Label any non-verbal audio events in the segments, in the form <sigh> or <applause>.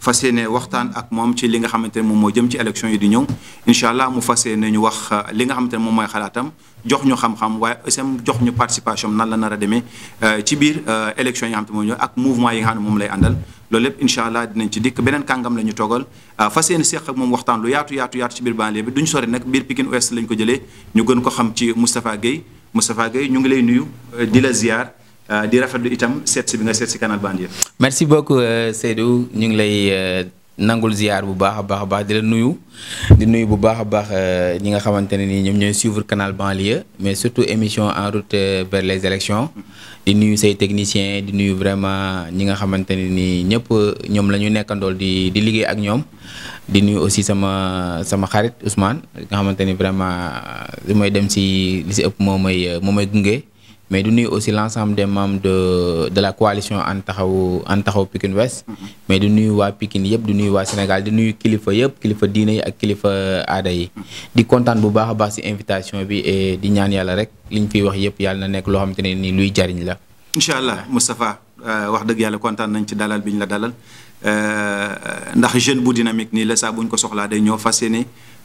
fas yéene waxtaan ak moom ci li nga xamante ne moom moo jëm ci élection yi di ñëw incha allah mu fas ñu wax li nga xamante ne moom mooy xalaatam jox ñu xam-xam waaye aussi jox ñu participation nan la nar a demee ci biir élection yi nga xamante ne moom ñëw ak mouvement yi nga xam ne moom lay àndal loolu lépp incha allah dinañ ci dikk beneen kàngam la ñu toogal fas yéene seq ak moom waxtaan lu yaatu yaatu yaatu ci biir banlieue bi duñ sori nag biir Pikine Ouest lañ ko jëlee ñu gën ko xam ci Moustapha Guèye Moustapha Guèye ñu ngi lay nuyu di la ziar Euh, di rafetlu itam setsi bi nga setsi Canal Banlieue. merci beaucoup euh, Seydou ñu ngi lay. Euh, nangul ziar bu baax a baax baax di la nuyu di nuyu bu baax baax ñi nga xamanteni ne ni ñoom ñooy suivre canal banlieue mais surtout émission en route vers les élections di nuyu say technicien di nuyu vraiment ñi nga xamanteni ne ni ñëpp ñoom la ñu di di liggéey ak ñom di nuyu aussi sama sama xarit Ousmane nga xamanteni vraiment li may dem ci li ci ëpp momay momay gungé mais du nuyu aussi l'ensemble des membres de de la coalition ànd taxawu ànd taxawu Pikine Ouest mm-hmm. mais du nuyu waa Pikine yëpp du nuyu waa Sénégal di nuyu kilifa yëpp kilifa diine yi ak kilifa aada yi mm-hmm. di kontaan bu baax a baax ci invitation bi et di ñaan yàlla rek liñ fiy wax yëpp yàlla na nekk loo xamante ne nii luy jariñ la incha allah euh, wax dëgg yàlla kontaan nañ ci dalal bi la dalal euh, ndax jeune bu dynamique ni la saa buñ ko soxlaa day ñoo fas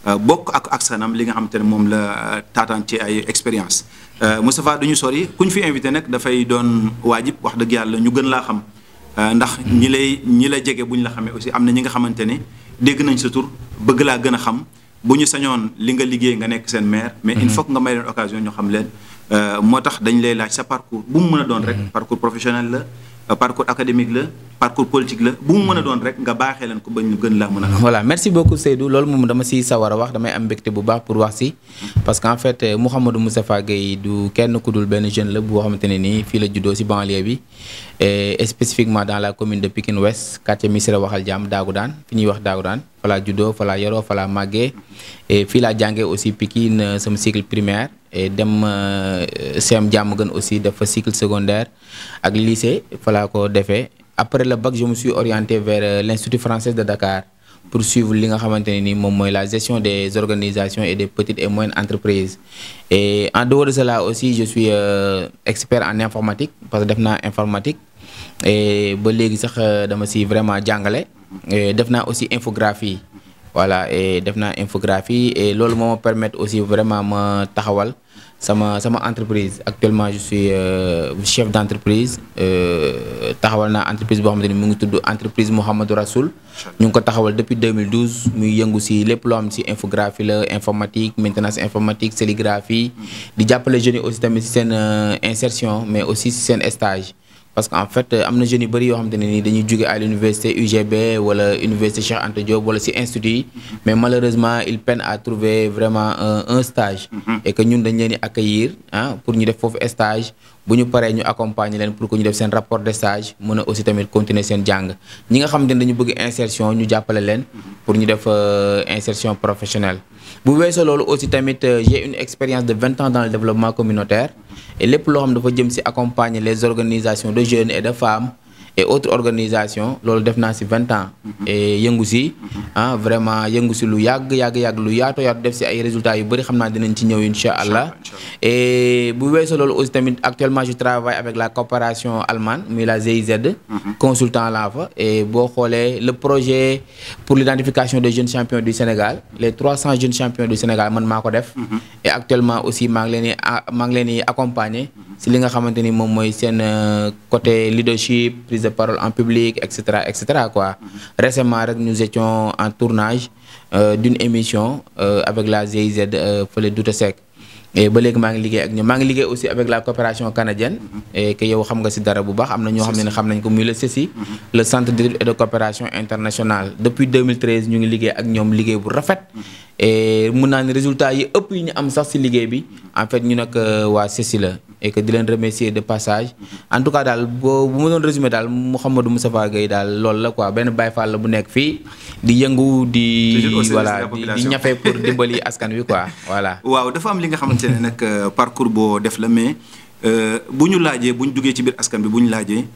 Euh, bokk ak aksanam li nga xam te ne moom la euh, taataan ci ay expérience euh, Moustapha du ñu sori ku ñu fi invité nag dafay doon waajib wax dëgg yàlla ñu gën laa xam ndax ñi lay ñi la jege bu ñu la xamee aussi am na ñi nga xamante ne dégg nañ sa tur bëgg laa gën a xam bu ñu sañoon li nga liggéey nga nekk seen maire. mais il mhm. faut que nga may leen occasion ñu xam leen moo tax dañ lay laaj sa parcours bu mu mën a doon rek mhm. parcours professionnel la Euh, parcours académique la parcours politique la bu mu mën a doon rek nga baaxee leen ko ba ñu gën laa mën a xam. voilà merci beaucoup Seydou loolu moom dama si sawar a wax damay am mbégte bu baax pour wax si parce que en fait euh, Mouhamadou Moustapha Gueye du kenn ku dul benn jeune la boo xamante ne nii fii la juddoo si banlieue bi. et, spécifiquement dans la commune de Pikine Ouest quartier Missirah Waxal Jaam Dagoudane fini ñuy Dagoudan, Fala Judo, Fala Yoro, Fala laa et Fila Djangé aussi Pikine euh, cycle primaire et dem euh, Sem jàmm gën aussi le cycle secondaire ak lycée Fala ko après le bac je me suis orienté vers euh, l'Institut français de Dakar pour suivre la gestion des organisations et des petites et moyennes entreprises et en dehors de cela aussi je suis expert en informatique parce que je suis informatique et ba suis sax euh, dama vraiment jàngale def aussi infographie voilà et defna infographie et loolu moo permettre aussi vraiment ma taxawal sama sama entreprise actuellement je suis euh, chef d'entreprise. Euh, entreprise taxawal entreprise bo xamante ni mu ngi tudd entreprise Mouhamadou Rasoul ñu ko taxawal depuis 2012 muy yëngu ci lepp lo am ci infographie la informatique maintenance informatique sérigraphie di jappalé jeunes aussi tamit ci sen insertion mais aussi sen stage parce que en fait euh, am na jeunes yu bëri yoo xamante ne nii dañuy jóge à l'université UGB wala université Cheikh Anta Diop wala si institut mais malheureusement ils peinent à trouver vraiment un stage mm-hmm. et que ñun dañ leen di accueillir ah pour ñu def foofu stage bu ñu paree ñu accompagner leen pour que ñu def seen rapport de stage mën a aussi tamit continuer seen jàng ñi nga xamante ne dañu bëgg insertion ñu jàppale leen mm-hmm. pour ñu def euh, insertion professionnelle Vous voyez, aussi euh, j'ai une expérience de 20 ans dans le développement communautaire et les programmes de dafa accompagne les organisations de jeunes et de femmes et autres organisations loolu def na si vingt ans. Mhm. et yengusi si mhm. ah, vraiment yengusi si lu yag yag yag lu yaatu yaatu def ci ay résultats yu bari xamna dinañ ci ñew inshallah et bu weesoo loolu aussi tamit actuellement je travaille avec la coopération allemande mais la GIZ. Mhm. consultant la fa et bo xolé le projet pour l'identification des jeunes champions du Sénégal les 300 jeunes champions du Sénégal man mako def. et actuellement aussi maa ngi leen di ngi accompagner ci li nga xamanteni mom moy sen euh, côté leadership de parole en public, etc. etc. Quoi. Mm-hmm. Récemment, nous étions en tournage euh, d'une émission euh, avec la GIZ euh, pour les et ba léegi aussi aussi avec la coopération canadienne mm-hmm. et que yow xam nga Nous dara bu baax am le CECI mm-hmm. le centre de coopération internationale depuis 2013 nous ngi liggéey ak nous bu et mun naa ne résultat yi ëpp yi ñu am sax si liggéey bi en fait ñu nekk euh, waa CECI la et di leen remercier de passage en tout cas daal boo bu ma doon résumé daal Mouhamadou Moustapha Gueye daal loolu la quoi benn Baye Fall la bu nekk fii di yëngu di voilà di ñafe pour dimbali askan wi quoi <laughs> voilà waaw dafa am li nga xamante ne nag euh, parcours boo def la mais euh, bu ñu laajee bu ñu duggee ci biir askan bi bu ñu laajee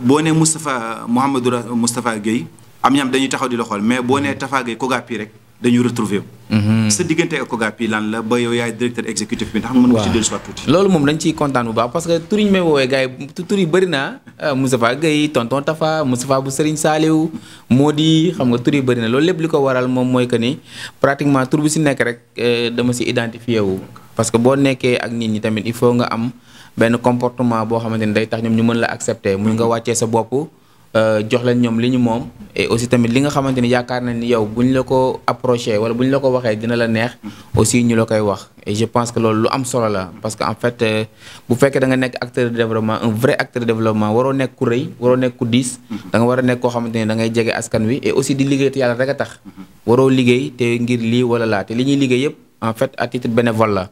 boo nee Moustapha Mouhamadou Moustapha Gueye am ñam dañuy taxaw di la mais boo nee mm-hmm. Tafa Gueye Kogapi rek dañu retrouver wu. Mhm. sa diggante ak Kogapy lan la ba yow yaay directeur exécutif bi ndax mën nga ci dellusiwaat tuuti. loolu moom dañ ciy kontaan bu baax parce que tur yi ñu may woowee gars yi tur yi bëri naa euh, Moustapha Guèye tonton Tafa bu Serigne Saliou moo di xam nga tur yi bëri na loolu lépp li ko waral moom mooy que ni pratiquement tur bu si nekk rek euh, dama si identifié wu. parce que boo nekkee ak nit ñi tamit il faut nga am benn comportement boo xamante ni day tax ñoom ñu mën la accepter muy nga wàccee sa bopp. Euh, jox leen ñoom mom, et aussi tamit li nga xamante ni yaakaar nañ ni yow bu ñu la ko approché wala bu ñu la ko waxee dina la neex aussi ñu la koy wax et je pense que loolu lu am solo la parce que en fait euh, bu fekkee da nga nekk acteur de développement un vrai acteur de développement waroo nek ku rëy waroo nekk ku diis da nga war a nekk koo ni da ngay jege askan wi et aussi di liggéey te yàlla rek a tax mhm. waroo liggéey te ngir li wala la, te li ñuy liggéey en fait, à titre bénévole là.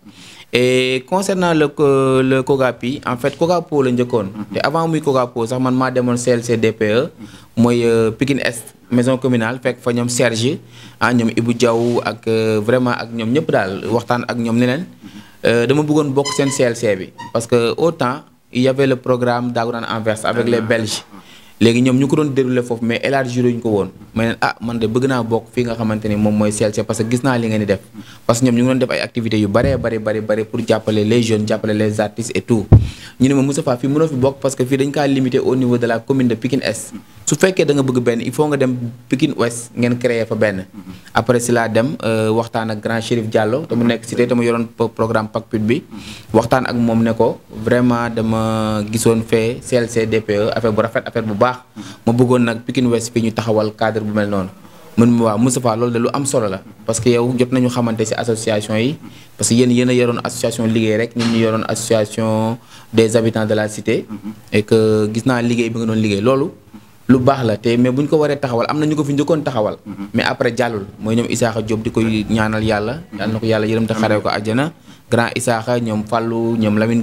Et concernant le, euh, le Kogapi, en fait, Kogapo le Ndjokon. Avant moi Kogapo, ça m'a demandé mon CLCDPE, moi euh, Pékin Est, maison communale, fait que nous Serge, nous ah, Ibou Diaw, ak, euh, vraiment ak ñom ñep dal waxtaan ak ñom neneen euh dama bëggoon CLC parce que autant il y avait le programme d'Agran Anvers avec les Belges léegi ñoom ñu ko doon déroulé foofu mais élargir ñu ko woon ma ne ah man de bëgg naa bokk fii nga xamante ni moom CLC parce que gis naa li ngeen di def parce que ñoom ñu ngi doon def ay activités yu bare bare bare bare pour jàppale les jeunes jàppale les artistes et tout ñu ne ma Moustapha fii mënoo fi bokk parce que fii dañ kaa limité au niveau de la commune de Pikine Est su fekkee da nga bëgg benn il faut nga dem Pikine créer fa benn après si laa dem euh, waxtaan ak grand Chérif Diallo te nek cité te mu yoroon programme PACPUD bi waxtaan ak moom ne ko vraiment dama gisoon fee CLC DPE affaire bu rafet affaire bu baax ma bëggoon nag Pikine West bi ñu taxawal cadre bu mel noonu man mu waaw loolu de lu am solo la parce que jot nañu xamante ci association yi parce que yéen yéen a yoroon association liggéey rek ñun ñu yoroon association des habitants de la cité et gis naa liggéey bi nga doon liggéey loolu lu baax la te mais bu ñu ko waree taxawal am na ñu ko fi njëkkoon taxawal mais après jàllul mooy ñoom Isaaxa Diop di koy ñaanal yàlla yàlla na ko yàlla yërëm te xaree ko àjjana grand Isaaxa ñoom Fallou ñoom Lamine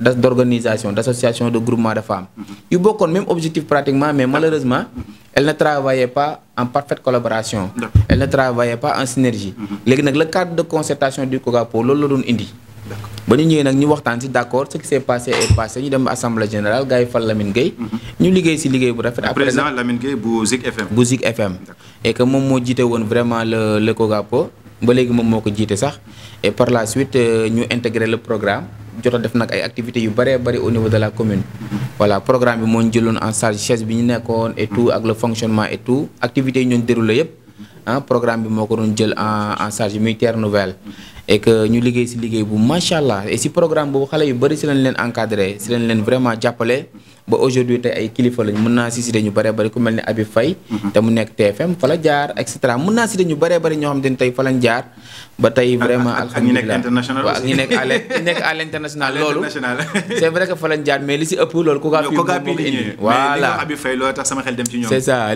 d'organisation, d'associations, de groupements de femmes. Ils ont le même objectif pratiquement, mais malheureusement, elles ne travaillaient pas en parfaite collaboration. Elles ne travaillaient pas en synergie. Mm-hmm. Le cadre de concertation du COGAPO, c'est ce indi. ba dit. ñëwee nous ñu d'accord, ce qui s'est passé est passé ñu dem assemblée générale Gaï Fall Lamine Gueye. nous mm-hmm. liggéey si liggéey bu rafet. après président Lamine FM. Bouzik FM et que nous dit vraiment le le COGAPO ba léegi moom ça. et par la suite nous euh, avons intégré le programme jot def nak ay activités yu bari bari au niveau de la commune voilà programme bi moo ñu en salle. chaise bi ñu nekkoon et tout ak le fonctionnement et tout activités yi déroulé yépp hein ah, programme bi moko ko doon jël en en charge muy Nouvelle et que ñu liggéey ci liggéey bu machallah et si programme boobu xalé yu bari ci lañ leen encadré ci lañ leen vraiment jappalé ba aujourd'hui tey ay kilifa lañ mën naa si cité ñu bëree bëri ku mel ni Abi Faye mhm. te mu nekk TFM fa jaar et cetera mën naa cité ñu bëree bëri ñoo xam te ne tey fa lañ jaar ba tey vraiment alhamdulilah waaw ak ñi nekk à ñi nekk à l'international <laughs> loolu <laughs> c'est vrai que fa lañ jaar mais li si ëpp loolu Kogapi moo ko indi voilà Abi Faye loolu tax sama xel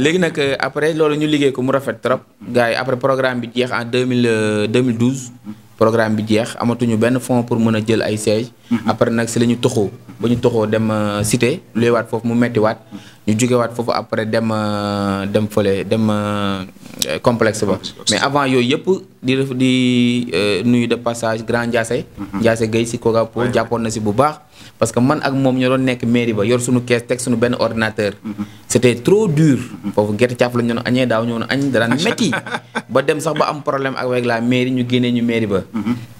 léegi nag euh, après loolu ñu liggéey ko mu rafet trop gars yi après programme bi jeex en 2000 2012 programme bi jeex amatuñu benn fonds pour mën a jël ay siège mhm. après nag si la ñu toxoo ba ñu toxoo dem euh, cité luy waat foofu mu metti waat mhm. ñu juge waat foofu après dem euh, dem fële dem euh, complexe ba mais avant yooyu yëpp di def di nuyu de passage grand Ndiassé mhm. Ndiassé Gueye si Kogapo jàppoon na si bu baax parce que man ak moom ñoo doon nekk mairie ba yor suñu kees teg suñu benn ordinateur. Mm-hmm. c' était trop dur. Mm-hmm. foofu gerte caaf la ñu doon añee daaw ñu añ daan métti ba dem sax ba am problème ak avec la mairie ñu génnee ñu mairie ba.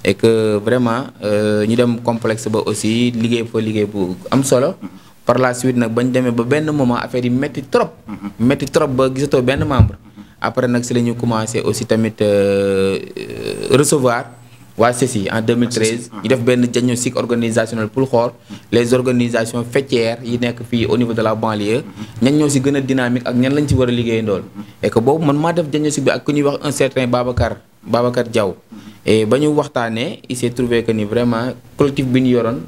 e que vraiment euh, ñu dem complexe ba aussi liggéey fa liggéey bu am solo. par la suite nag ñu demee ba benn moment affaire yi métti trop. métti trop ba gisatoo benn membre. après nag si la ñu commencé aussi tamit euh, euh, recevoir. c'est CECI en 2013 y ah, def une diagnostic organisationnel pour xool les organisations fêtières, yi nekk fi au niveau de la banlieue mm-hmm. ñan ñoo si gën dynamique ak ñan lañ si war a mm-hmm. et que bon man maa def diagnostic bi ak ku un certain Babacar Babacar Diaw mm-hmm. et ba ñu waxtaanee il s'est trouvé que ni vraiment collectif bi ñu yoroon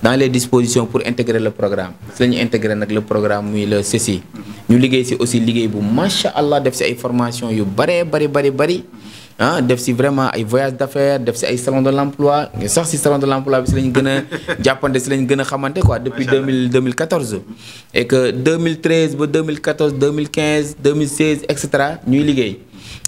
dans les dispositions pour intégrer le programme c'est la intégrer nag le programme muy le CECI ñu liggéey si aussi liggéey bu macha allah def des ay formation yu bëree bari bari bari ah def ci vraiment ay voyage d'affaires def salons salon de l'emploi sax si salon de l'emploi bi ci lañu gëna a ci <laughs> quoi depuis 2014 et que 2013 2014 2015 2016 etc. ñuy liggéey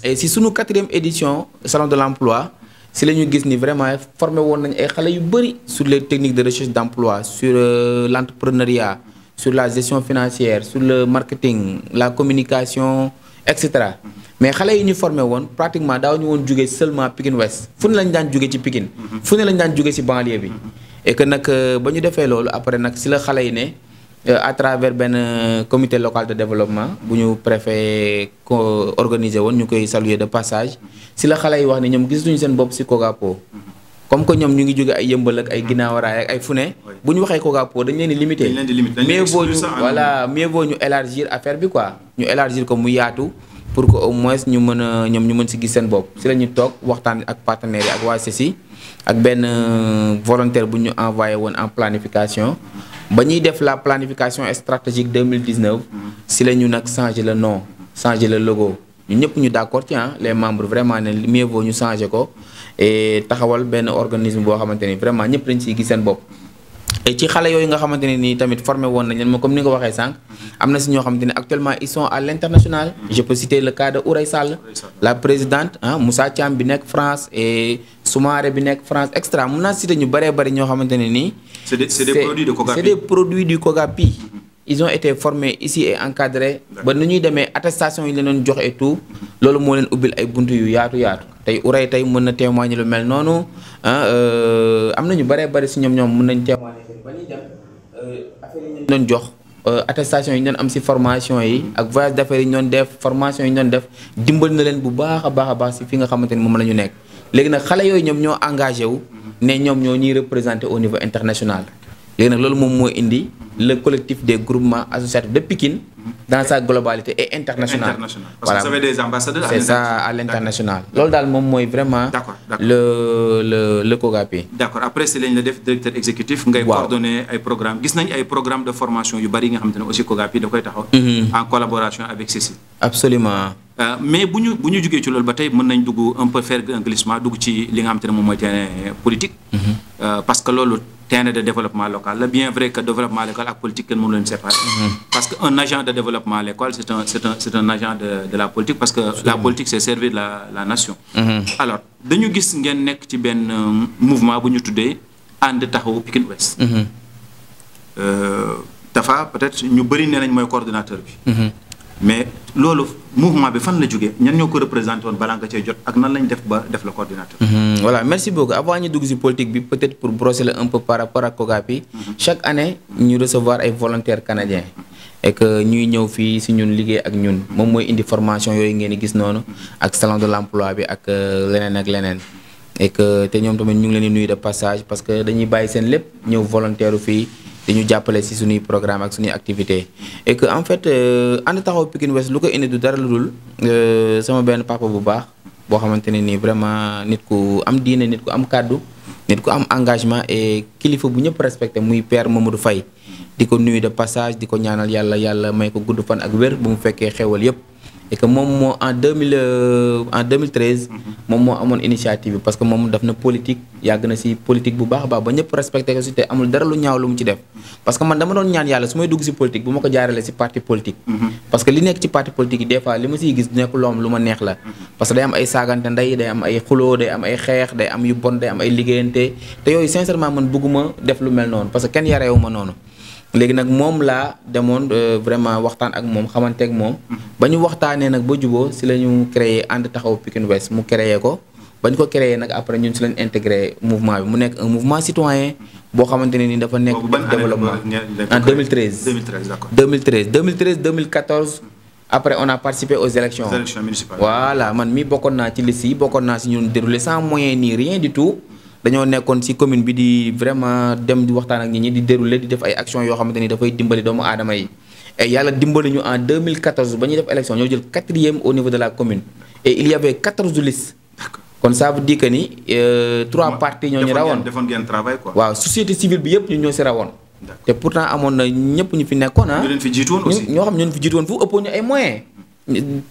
et si sunu quatrième édition salon de l'emploi si lañu ni vraiment formé won nañ ay yu sur les techniques de recherche d'emploi sur euh, l'entrepreneuriat sur la gestion financière sur le marketing la communication etc. mais xale yi ñu formé woon pratiquement daaw ñu woon jóge seulement Pikine Ouest fu ne lañ daan jóge ci Pikine mhm. fu ne lañ daan jóge ci banlieue bi mhm. et que nag euh, ba ñu defee loolu après nag si la xale yi ne euh, à travers benn euh, comité local de développement bu ñu préfet ko organisé woon ñu koy saluer de passage si la xale yi wax ne ñoom gis gisatuñu seen bopp ci Kogapo mhm. comme que ñoom ñu ngi jóge ay yëmbal ak ay ginnaawaraay ak ay ne bu ñu waxee Kogapo dañ leen di limité mieux vaut ñu voilà mieux vaut ñu élargir affaire bi quoi ñu élargir ko mu yaatu pour que au moins ñu mën a ñoom ñu mën si gis seen bopp si la ñu toog waxtaan ak partenaires yi ak waa CECI ak benn euh, volontaire bu ñu envoyé woon en planification ba ñuy def la planification stratégique 2019 si la ñu nag changé le nom changé le logo ñu ñëpp ñu d'accord ci ah les membres vraiment ne mieux vaut ñu changé ko taxawal benn organisme boo xamante ni vraiment ñëpp dañ siy gis seen bopp et ci xalé yoy nga xamanteni ni tamit formé won nañ leen moom comme ni nga waxé sank amna ci na si ñoo xamante actuellement ils sont à l'international mm-hmm. je peux citer le cas de Ouray Sall la présidente hein Moussa Thiam bi nek France et Soumaré bi nek France extra mun naa citer ñu bëree bëri ñoo produits ne Kogapi c'est des produits du Kogapi mm-hmm. ils ont été formés ici et encadrés ba nu ñuy démé attestation yi leen doon jox et tout lolu mo leen ubil ay buntu yu yaatu yaatu tay Ouray tay mën na témoigner lu mel nonu hein euh amna ñu bëree bëri ci ñom ñom mën nañ témoigner ba ñuy euh, jox euh, attestation yi ñu am si formation yi ak voyage d'affaires yi ñu def formation yi ñu def dimbal na leen bu baax a baax a baax si fi nga xamante ni moom la ñu nekk léegi nag xale yooyu ñoom ñoo engagé wu mm-hmm. ne ñoom ñoo ñuy représenté au niveau international léegi nag loolu indi le collectif des groupements associatifs de Pikine dans sa globalité et internationale. parce voilà. que vous avez des ambassadeurs. c'est ça à l'international. loolu Dal moom est vraiment. le le le COGAPI. d'accord après c'est le le directeur exécutif. ngay waaw. coordonner ay programmes gis nañ ay programmes de formation yu bari nga aussi COGAPI da koy taxaw. Mhm. en collaboration avec CECI. absolument euh, mais si buñu bu ci loolu ba tay mën nañ un peu faire un glissement dugg ci li nga politique. Mhm. Euh, parce que loolu terrain de développement local C'est bien vrai que le développement local ak politique kenn mënu leen séparer. Mhm. parce qu'un agent de développement local c'est un c'est un agent de la politique parce que la politique c'est servir la nation. Mhm. alors dañu gis ngeen nek ci ben mouvement buñu ñu and ànd pikin west Ouest. Tafa peut-être ñu nous sommes moy coordinateur mais lolu mouvement bi fan la jógee ñan ñoko représenter won woon ci le jot ak nan lañ def ba def coordinateur. Mhm, voilà merci beaucoup avant ñu dugg la politique peut-être pour brosser un peu par rapport à Kogapi, mhm. chaque année nous recevons ay volontaires canadiens. et que ñuy ñëw fi si ñun avec ak ñun mom moy indi formation yoy ngeen ak salon de l'emploi bi ak euh, lenen ak et que té ñom tamit ñu ngi de passage parce que dañuy bayyi sen lepp ñëw volontaire fi di ñu jàppale si suñuy programme ak suñuy activité et que en fait euh, ànd taxaw Pikine West lu ko indi du dara lu euh, sama benn papa bu baax boo xamante ne vraiment nit ku am diine nit ku am kàddu nit ku am engagement et kilifa bu ñëpp respecté muy père Mamadou Faye diko ko nuyu de passage di ko ñaanal yàlla yàlla may ko gudd fan ak wér bu mu fekkee xewal yëpp et moom moo en deux mille euh, en deux mille treize. Mhm. moom moo amoon initiative parce que moom daf na politique yàgg na si politique bu baax a baax ba ñëpp respecté ko amul dara lu ñaaw lu mu ci def. Mhm. parce que man dama doon ñaan yàlla su may dugg si politique bu ma ko jaarale si parti politique. Mhm. parce que li nekk ci parti politique yi des fois li ma siy gis nekk loom lu ma neex la. parce que day am ay saagante ndey day am ay xuloo day am ay xeex day am yu bon day am ay liggéeyante te yooyu sincèrement man bëgguma def lu noonu parce que kenn yareewu ma noonu. léegi nag moom laa demoon euh, vraiment waxtaan ak moom xamante ak moom. Mm-hmm. ba ñu waxtaanee nag ba juboo si la ñu créé ànd taxaw Pikine West mu créé ko. ba ñu ko créé nag après ñun si lañ intégré mouvement bi mu nekk un mouvement citoyen mm-hmm. boo xamante ne ni dafa nekk. développement en 2013. 2013 d'accord 2013 2013 2014. après on a participé aux élections. élections man mi bokkoon naa ci liste yi bokkoon naa si ñun déroulé sans moyen ni rien du tout. dañoo nekkoon ci commune bi di vraiment dem di waxtaan ak nit ñi di dérouler di def ay action yoo xamante ni dafay dimbali doomu aadama yi et yàlla dimbali ñu en 2014 ba ñuy def élection ñoo jël quatrième au niveau de la commune il y avait 14 kon saabu veut dire que ni euh, trois partis ñoo ñu rawoon defoon ngeen travail quoi. waaw société civile bi yëpp ñu ñoo si rawoon. te pourtant amoon na ñëpp ñu fi nekkoon a ah. ñu leen ñoo xam ñoo fi jiitu woon fu ëppoon ñu ay moyens.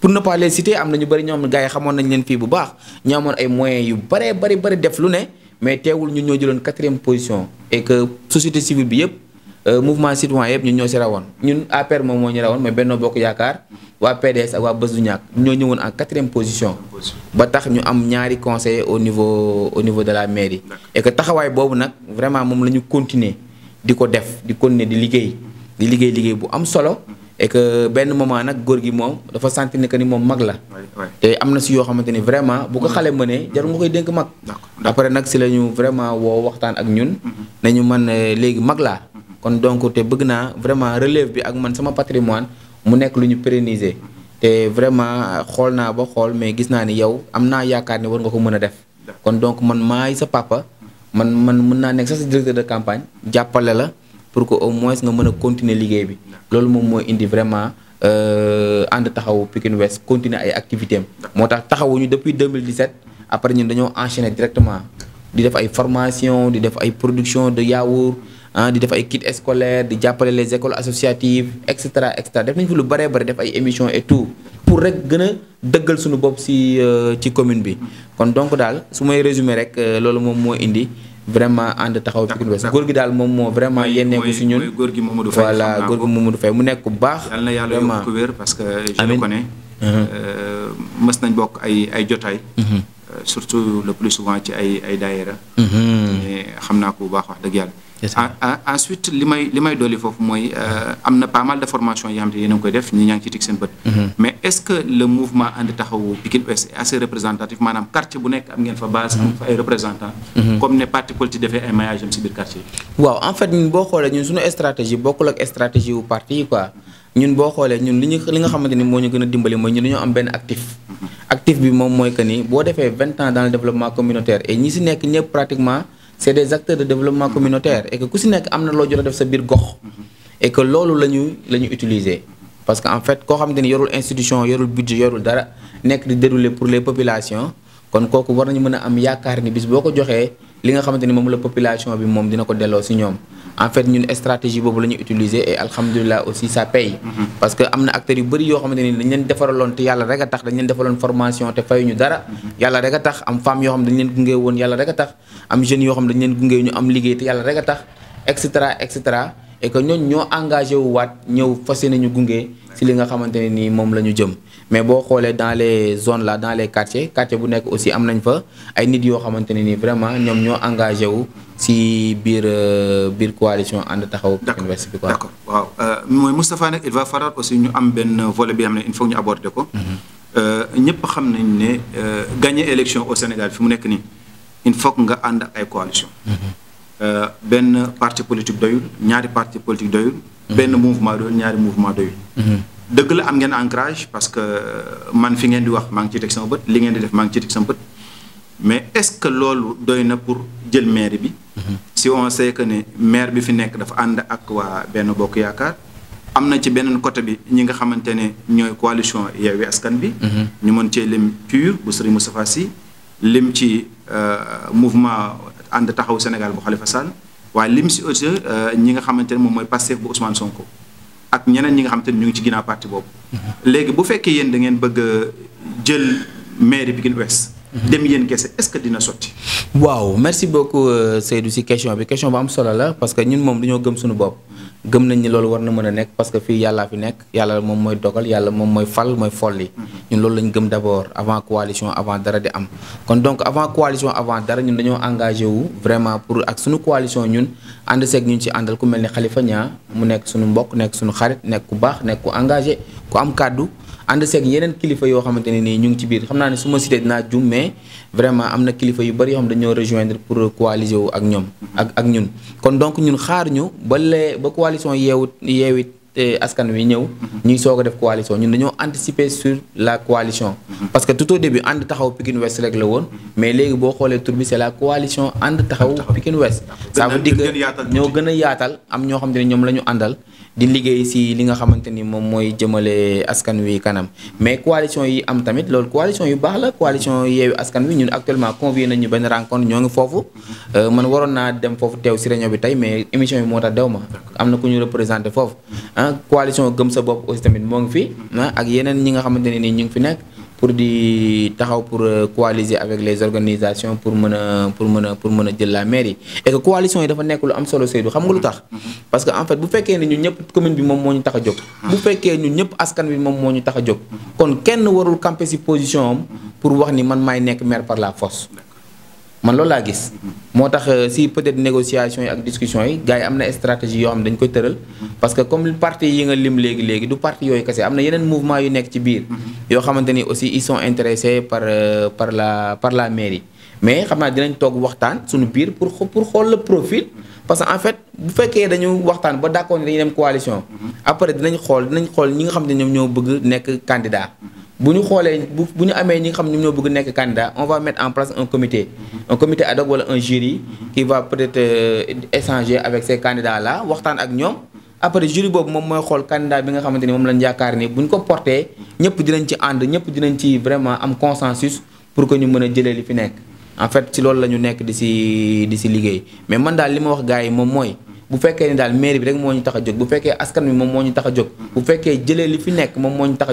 pour ne am na ñu bëri ñoo xam yi xamoon nañ leen fii bu baax ñoo amoon ay moyens yu bëree bëri bëri def lu ne. mais teewul ñun ñoo jëloon quatrième position et que société civile bi yëpp euh, mouvement citoyen yëpp ñun ñoo si rawoon ñun APR moom moo ñu rawoon mais Benno Bokk Yaakaar waa PDS ak waa Bës du Ñàkk ñoo ñëwoon en quatrième position ba tax ñu am ñaari conseillers au niveau au niveau de la mairie et que taxawaay boobu nag vraiment moom la ñu continuer di ko def di continuer di liggéey di liggéey liggéey bu am solo et benn moment nag góor gi moom dafa sentir ne que ni moom mag la. te am na si yoo xamante ni vraiment bu ko mm-hmm. xale mënee jarul nga koy dénk mag. après nag si la ñu vraiment woo waxtaan ak ñun. Mm-hmm. nañu man euh, léegi mag laa. Mm-hmm. kon donc te bëgg naa vraiment relève bi ak man sama patrimoine mu nekk lu ñu pérenniser. te vraiment xool naa ba xool mais gis naa ni yow am naa yaakaar ne war nga ko mën a def. kon donc man maay sa papa. man man mun naa nekk sax sa directeur de campagne jàppale la. pour que au moins nga mën a continuer liggéey bi loolu moom mooy indi vraiment euh, ànd taxawu Pikine West continuer ay activité am moo tax taxawuñu depuis 2017 après ñun dañoo enchaîner directement di def ay formation di def ay production de yaourt ah di def ay kits scolaires di jàppale les écoles associatives et cetera et cetera def nañ fi lu bëree bëri def ay émissions et tout pour rek gën a suñu bopp si euh, ci commune bi kon donc daal su résumer rek euh, loolu moom moo indi vraiment ànd taxaw Pikine Ouest góor gi daal moom moo vraiment yenneeku si ñun góor gi Mamadou Faye voilà mu nekk bu baax yal na yàlla yokk ko que euh, je le connais uh-huh. euh, mës nañ bokk ay ay jotaay uh-huh. euh, surtout le plus souvent ci ay ay daayira uh-huh. mais xam naa ko bu baax wax dëgg yàlla Ah, ah, ensuite li may li may dolli foofu moi euh, am na pas mal de formation yam xam te a koy def ñi ñaa ci tik sen beut mais est ce que le mouvement ànd taxaw Pikine Ouest assez représentatif manam quartier bu nek am ngeen fa base mm-hmm. fa ay représentant mm-hmm. comme ne parti politique defee ay maillage ci bir car quartier waaw en fait ñun bo xolé ñun suñu stratégie bokul ak stratégie wu parti quoi ñun bo xolé ñun li li nga xamanteni mo ñu gëna a dimbali moy ñun dañoo am ben actif mm-hmm. actif bi mom moy que ni bo défé 20 ans dans le développement communautaire et ñi si qu'une ñepp pratiquement c'est des acteurs de développement communautaire et que ku si nekk am de def sa ce gox et que lolu la ñu utiliser parce que en fait ko xam ne yorul institution yorul budget yorul dara nek di dérouler pour les populations kon koku war nañu y a am yaakaar ni bis boko joxé li nga xamante ni moom la population bi moom dina ko delloo si ñoom en fait ñun stratégie boobu la ñu utiliser et alhamdulilah aussi ça paye mm-hmm. parce que am na acteurs yu bëri yoo xamante ni dañ leen defaraloon te yàlla rek a tax dañ leen defaloon formation te fayuñu dara mm-hmm. yàlla rek a tax am femme yoo xam dañ leen gunge woon yàlla rek a tax am jeunes yoo xam dañ leen gunge ñu am liggéey te yàlla rek a tax et cetera et cetera et que ñooñu ñoo engagé wu ñëw fas yéene nañu gunge si li nga xamante ne nii moom la ñu jëm mais boo xoolee dans les zones là dans les quartiers quartier bu nekk aussi am nañ fa ay nit yoo xamante vraiment ñoom ñoo engagé wu si bir euh, bir coalition ànd taxaw. d'accord d'accord waaw euh, mooy Mustapha nag il va falloir aussi ñu am benn volet bi nga xam ne ñu aborder ko. Mhm. Euh, ñëpp xam nañ gagner élection au Sénégal fi mu ni une fois faut nga ànd ay coalition ben parti politique doyul ñaari parti politique doyul. ben mouvement doyul ñaari mouvement doyul. deug la am ngeen ancrage parce que euh, man fi ngeen di wax ma ngi ci tek sama beut li ngeen di def ci tek sama beut mais est ce que lolu doyna pour jël maire bi mhm. si on sait que ne maire bi fi nek dafa and ak wa bokk yaakar amna ci benen côté bi ñi nga xamantene ñoy coalition yewi askan bi mhm. ñu mën ci lim pur bu serigne moustapha si lim ci euh, mouvement and taxaw sénégal bu khalifa sall waye lim ci aussi euh, ñi nga xamantene mom moy bu ousmane sonko ak ñeneen ñi nga xam te ñu ngi ci ginnaaw parti boobu. léegi bu fekkee yéen da ngeen bëgg jël mairie Pikine Ouest. dem yéen kese est-ce que dina sotti. waaw merci beaucoup euh, Seydou si question bi question bu am solo la parce que ñun moom dañoo gëm suñu bopp. gëm nañ ni loolu war na mën a nekk parce que fii yàlla fi nekk yàlla moom mooy dogal yàlla moom mooy fal mooy folli mm-hmm. ñun loolu lañ gëm d'abord avant coalition avant dara di am kon donc avant coalition avant dara ñun dañoo engagé wu vraiment pour ak suñu coalition ñun ànd seeg ñun ci àndal ku mel ni xalifa ñaa mu nekk suñu mbokk nekk suñu xarit nekk ku baax nekk ku engagé ku am kàddu ande seeg yenen kilifa yo xamanteni ni ñu ngi ci biir xamna ni suma cité dina jum mais vraiment amna kilifa yu bari yoo xam dañu rejoindre pour coaliser wu ak ñom ak ak ñun kon donc ñun xaar ñu ba le ba coalition yeewu yeewit eh, askan wi ñew mhm. ñuy soog def coalition ñun dañu anticiper sur la coalition. Mhm. parce que tout au début ànd taxaw Pikine West rek la won mhm. mais légui bo xolé tur bi c'est la coalition ànd taxaw Pikine West. ça veut dire que ñoo gën yaatal am ñoo xam ne ñoom la ñu di liggéey si li nga xamante ni moom mooy jëmale askan wi kanam mais coalition yi am tamit loolu coalition yu baax la coalition yeewu askan wi ñun actuellement convié nañu benn rencontre ñoo ngi foofu euh, man waroon naa dem foofu teew si réunion bi tey mais émission yi moo tax dew ma am na ku ñu représenté foofu ah coalition gëm sa bopp aussi tamit moo ngi fi ah, ak yeneen ñi nga xamante ne nii ñu ngi fi nekk pour di taxaw pour euh, coaliser avec les organisations pour mën pour mën pour mën a jël la mairie et que coalition yi dafa nekk lu am solo Seydou xam nga lu tax mm-hmm. Mm-hmm. parce que en fait bu fekkee ne ñun ñëpp commune bi moom moo ñu tax a jóg bu mm-hmm. fekkee ñun ñëpp askan bi moom moo ñu tax a jóg kon kenn warul camper position pour wax ni man maay nekk maire par la force man lo l'agis gis moo euh, si peut-être négociation ak discussion yi gaay amna stratégie yo xam dañ koy teural parce que comme parti yi nga lim légui légui du parti yoy kasse amna yenen mouvement yu nek ci biir yo xamanteni aussi ils sont intéressés par euh, par la par la mairie mais xamna dinañ toog waxtan suñu biir pour pour xol le profil parce que en fait bu fekkee dañu waxtaan ba d'accord ni dañuy dem coalition après dinañ xool dinañ xool ñi nga xam ne ñoom ñoo bëgg nekk candidat bu ñu xoolee bu bu ñu amee ñi nga xam ne bëgg nekk candidat on va mettre en place un comité un comité ad hoc wala un jury qui va peut-être euh, échanger avec ces candidats là waxtaan ak ñoom après jury boobu moom mooy xool candidat bi nga xamante ni moom lañ ni bu ñu ko portee ñëpp dinañ ci ànd ñëpp dinañ ci vraiment am consensus pour que ñu mën a jëlee li fi nekk en fait ci loolu la ñu nekk di si di si liggéey mais man daal li ma wax gars yi moom mooy bu fekkee ni daal mairie bi rek moo ñu tax a jóg bu fekkee askan bi moom moo ñu tax a jóg bu fekkee jëlee li fi nekk moom moo ñu tax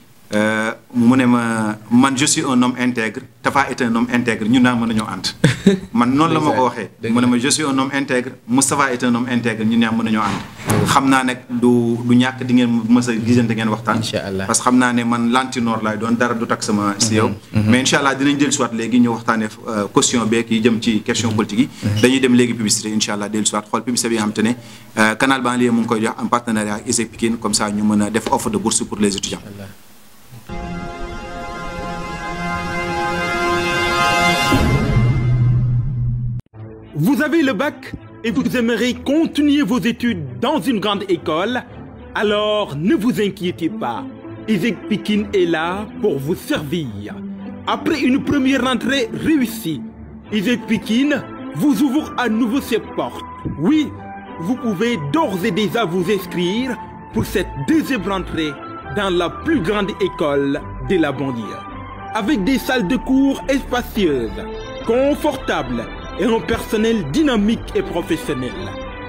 Euh, mu ne ma man je suis un homme intègre Tafa est un homme intègre ñun daal mën nañoo ànd. <laughs> man noonu la ma ko waxee. mu ne ma je suis un homme intègre Moustapha est un homme intègre ñun ñaa mën nañoo ànd. xam naa nag du du ñàkk di ngeen mës a gisante ngeen waxtaan. parce que xam naa ne man lantinoor laay doon dara du takk sama mhm. si yow. Mhm. mais incha allah dinañ dellu siwaat léegi ñu waxtaanee question euh, beeg yi jëm ci question politique yi. Mhm. dañuy dem léegi publicité incha allah dellu siwaat xool publicité bi nga xam te euh, a def offre de bourse pour Vous avez le bac et vous aimerez continuer vos études dans une grande école Alors ne vous inquiétez pas, Isaac Pikin est là pour vous servir. Après une première rentrée réussie, Isaac Pikin vous ouvre à nouveau ses portes. Oui, vous pouvez d'ores et déjà vous inscrire pour cette deuxième rentrée dans la plus grande école de la banlieue. Avec des salles de cours espacieuses, confortables et un personnel dynamique et professionnel.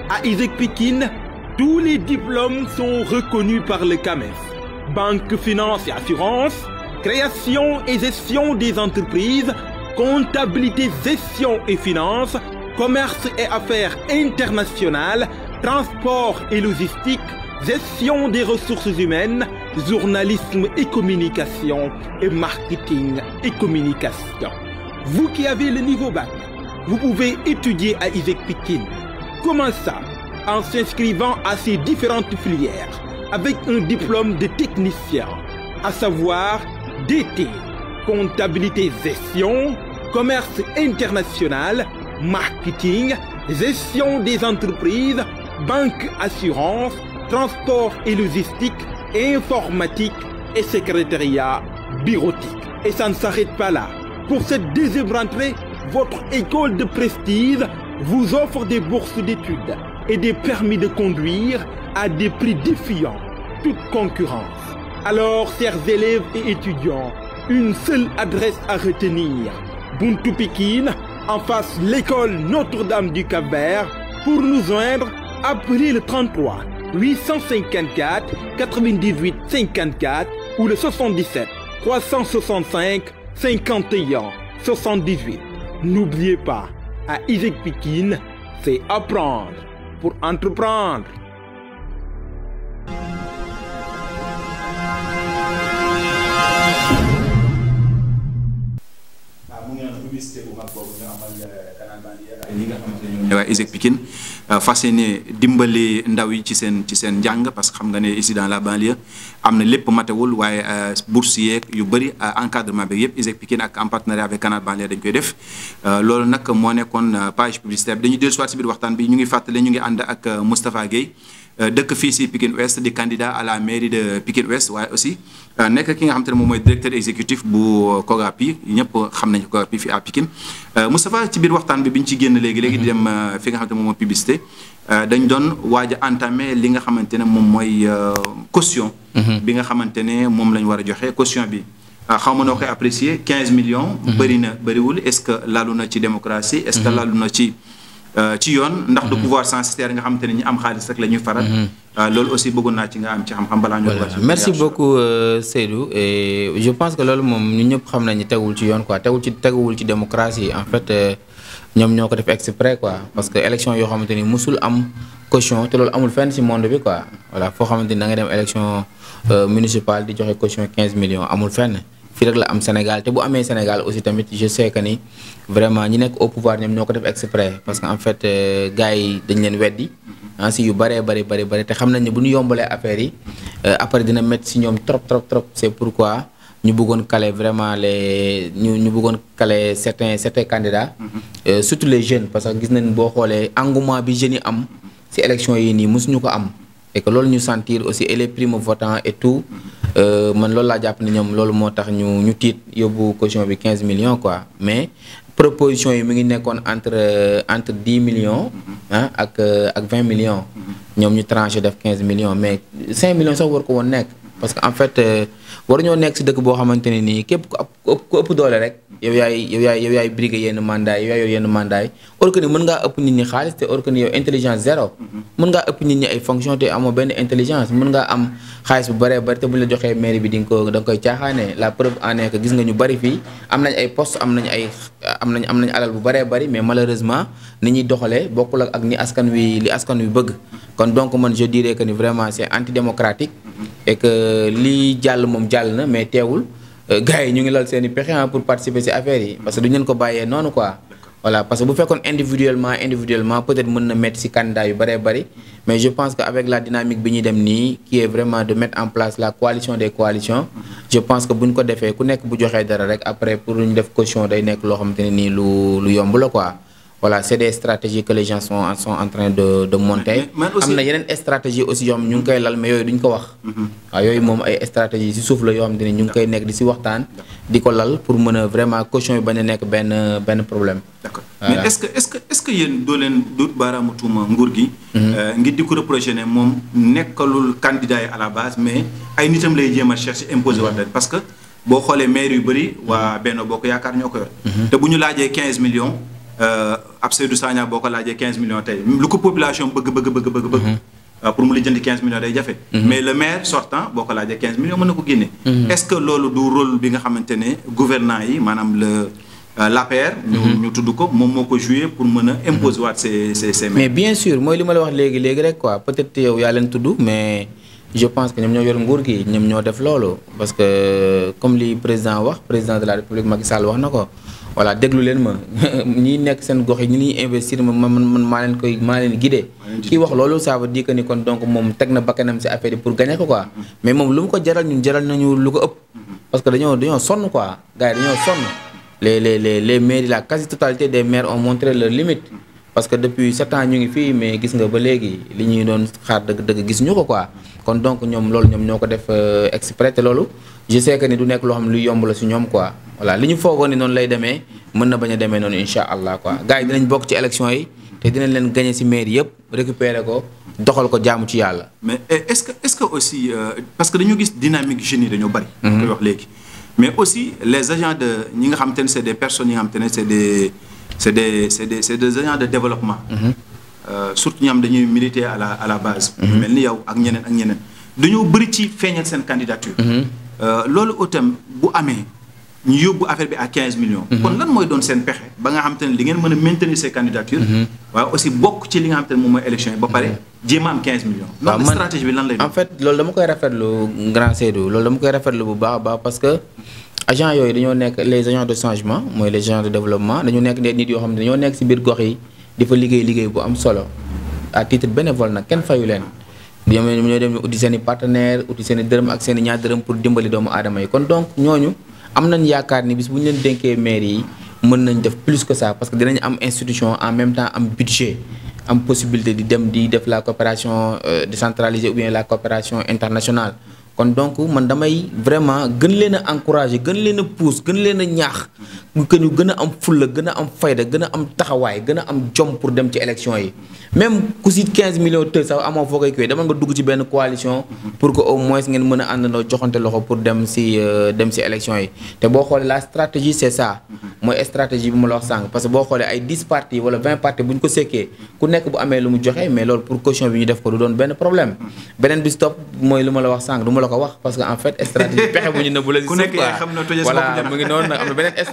À Isaac Pekin, tous les diplômes sont reconnus par le CAMES. Banque, finance et assurance, création et gestion des entreprises, comptabilité, gestion et finance, commerce et affaires internationales, transport et logistique, gestion des ressources humaines, journalisme et communication et marketing et communication. Vous qui avez le niveau bac, vous pouvez étudier à Isaac Pikin. Comment ça En s'inscrivant à ces différentes filières avec un diplôme de technicien, à savoir DT, comptabilité gestion, commerce international, marketing, gestion des entreprises, banque assurance, transport et logistique, informatique et secrétariat bureautique. Et ça ne s'arrête pas là. Pour cette deuxième rentrée, votre école de prestige vous offre des bourses d'études et des permis de conduire à des prix défiants toute concurrence. Alors, chers élèves et étudiants, une seule adresse à retenir. Buntu en face l'école Notre-Dame du Cap-Vert. Pour nous joindre, appelez le 33 854 98 54 ou le 77 365 51 78. N'oubliez pas, à Isaac Pikin, c'est apprendre pour entreprendre. ñi nga xamante ne waa ISEC euh, fas yéene dimbali ndaw yi ci seen ci seen njàng parce que xam nga ne ici dans la banlieue am na lépp matewul waaye euh, bourse yeeg yu bëri euh, encadrement bi yëpp ISEC Pikine ak en partenariat avec Canal Banlieue dañ koy def loolu nag moo nekkoon page publicitaire bi dañuy dellu si waat biir waxtaan bi ñu ngi fàttali ñu ngi ànd ak Moustapha Guèye Euh, dëkk fii si Pikine Ouest di candidat à la mairie de Pikine Ouest waaye aussi euh, nekk ki nga xam te ne moom mooy directeur exécutif bu euh, Kogapi ñëpp xam nañu Kogapi fi à Pikine Moustapha ci biir waxtaan bi bi ñu ci génn léegi léegi di dem mhm. fi nga xam te ne moom mooy publicité dañ doon waaj a li nga xamante ne moom mooy caution mhm. bi nga xamante ne moom la ñu war a joxe caution bi xaw ma noo koy apprécier quinze millions mhm. bëri na bëriwul est-ce que laalu na ci démocratie est-ce que laalu na ci Euh, ci yoon ndax du mhm. pouvoir censitaire nga xamante ne ñi am xaalis rek la ñuy faral. Mhm. Euh, loolu aussi bëggoon naa ci nga am ci xam-xam balaa ñu. voilà merci beaucoup euh, Seydou et je pense que loolu moom ñu ñëpp xam nañu teguwul ci yoon quoi teguwul ci teguwul ci démocratie en fait ñoom ñoo ko def exprès quoi parce que élection yoo xamante ni musul am caution te loolu amul fenn si monde bi quoi voilà foo xamante ni da nga dem élection municipale di joxe caution 15 millions amul fenn am Sénégal Sénégal je sais que ni vraiment au pouvoir exprès parce que fait euh, gars dañ leen ainsi ah, yu après trop trop trop c'est pourquoi nous voulons vraiment les certains candidats mm-hmm. euh, surtout les jeunes parce que nous nañ engouement jeunes am élection et que nous ñu sentir aussi et les primes votants et tout euh, man avons la que ni ñom dit motax ñu ñu tit yobu caution bi 15 millions quoi mais proposition yi mi ngi nekkoon entre euh, entre 10 millions hein ak euh, ak 20 millions ñom ñu tranché def 15 millions mais 5 millions sax war ko won nek parce que en fait war ñoo nekk si dëkk boo xamante ne nii képp ku ëpp doole rek yow yaay yow yaay yow yaay briguer yenn mandat yi yow yaay yor yenn mandat yi or ngaa ëpp nit ñi xaalis te or que ni yow intelligence zéro mm-hmm. ay fonction te amoo benn intelligence mën ngaa am xaalis bu bëree bëri te bu ñu la joxee mairie bi di nga ko danga koy caaxaanee la preuve en est que gis nga ñu bari fii am nañ ay post am nañ ay am nañ am nañ alal bu bëree bari mais malheureusement ni ñuy doxalee bokkul ak ni askan wi li askan wi bëgg kon donc man je dirais que ni vraiment c'est antidémocratique et que li jàll mom jàll na mais téwul euh, gaay ñu ngi lal seen i hein, pour participer ci affaire yi parce que du ñu ko bayé nonu quoi voilà parce que bu fekkon individuellement individuellement peut-être mën na mettre ci candidat yu bari bari mais je pense que avec la dynamique bi ñuy dem ni qui est vraiment de mettre en place la coalition des coalitions je pense que buñ ko défé ku nekk bu joxé dara rek après pour ñu def caution day nekk lo xamanteni ni lu lu yomb la quoi voilà c'est des stratégies que les gens sont sont en train de de monter. am na stratégie aussi yom ñu ngi koy lal mais yoy duñ ko wax. Mhm. waaw yooyu ay stratégie si suuf la yo xam ne ñu ngi koy di si waxtaan. diko lal pour mën vraiment caution yi bañ a ben benn problème. d'accord mais est ce que est ce que est ce que yéen do len duut baramu tuma nguur gi. Mhm. Euh, ngir di ko reproché mom moom candidat à la base mais ay nitam lay jema chercher imposer imposé waat parce que bo xolé maire yu bari wa Benno Bokk yaakar ñoko yor. Mhm. te buñu lajé 15 millions. Euh, ab Seydou Sagna boo ko 15 millions tay lu ko population beug beug beug beug beug mhm. pour mu lijjanti 15 millions day jafé mhm. mais le maire sortant boko ko 15 millions mën na ko génne. Mhm. est-ce que lolu du rôle bi nga xamante gouvernant yi manam le euh, la ñu ñu tudd ko mom moko jouer pour meuna imposer wat ces ces ces mais bien sûr moy li ma la wax légui légui rek quoi peut-être yow ya len tudd mais je pense que ñoom ñoo yor nguur gi ñoom ñoo def lolu parce que comme li président wax président de la république Macky Sall wax nako voilà déglu len ma <laughs> gox investir ma koy ça veut dire que ni donc mom tek na pour gagner quoi mais nous lu ko jaral ñun jaral nañu lu parce que quoi les les les les maires la quasi totalité des maires ont montré leurs limites parce que depuis 7 ans nous ngi mais gis nga ba li ñuy quoi donc nous euh, exprès je sais que ni du nekk loo xam ne lu yomb la ci ñom quoi voilà liñu ñu foogoon ni noonu lay démé mën na bañ a demee quoi gaay dinañ bok ci élection yi té dinañ leen gagné ci maire yépp récupérer ko doxal ko jaamu ci yalla mais eh, est-ce que est-ce que aussi euh, parce que dañu gis dynamique génie dañu dañoo bari. koy mhm. wax légui mais aussi les agents de ñi nga xam c'est des personnes ñi nga xam c'est des c'est des c'est des c'est des agents de développement. Mhm. Euh, surtout ñi am dañuy militer à la à la base. Mhm. mel ni yow ak ñeneen ak ñeneen dañu bari ci feeñal sen candidature. Euh, loolu itam bu amee ñu yóbbu affaire bi à 15 millions. Mhm. kon lan mooy doon seen pexe ba nga xam te ne li ngeen mën a maintenir ces candidatures. Mhm. waaye aussi bokk ci li nga xam te ne moom mooy élection yi ba pare mhm. jéem a am quinze millions. waaw man stratégie bi lan lay en fait loolu dama koy rafetlu grand Seydou loolu dama koy rafetlu bu baax a baax parce que agent yooyu dañoo nekk les agents de changement mooy les agents de développement dañu nekk des nit yoo xam ne dañoo nekk si biir gox yi di fa liggéey liggéey bu am solo à titre bénévole nag kenn fayu leen. ñoom ñoo dem uti seen i partenaire uti seen dërëm ak seen i ñaar dërëm pour dimbali doomu aadama yi kon donc ñooñu am nañ yaakaar ni bis bu ñu leen dénkee maire yi mën nañ def plus que ça parce que dinañ am institution en même temps am budget am possibilité di dem di def la coopération euh, décentralisée ou bien la coopération internationale kon donc man damay vraiment gën leen encourager gën leen pousse gën leen ñaax que ñu gën a am fulla gëna am fayda gëna am taxaway gëna am jom pour dem ci élection yi même ku ci 15 millions tëj sax amoo foo koy kiiwee dama nga dugg ci benn coalition pour que au moins ngeen mëna a àndandoo joxante loxo pour dem ci euh, dem ci élection yi té bo xolé la stratégie c'est ça moy stratégie bi mu la wax sang parce que bo xolé ay 10 partis wala 20 partis buñ ko séké ku nekk bu amé lu mu joxe mais lool pour caution bi ñu def ko du doon benn problème beneen bi stop moy luma la wax sànq la ko wax parce que en fait stratégie pexe bu ñu nëbbu la si suuf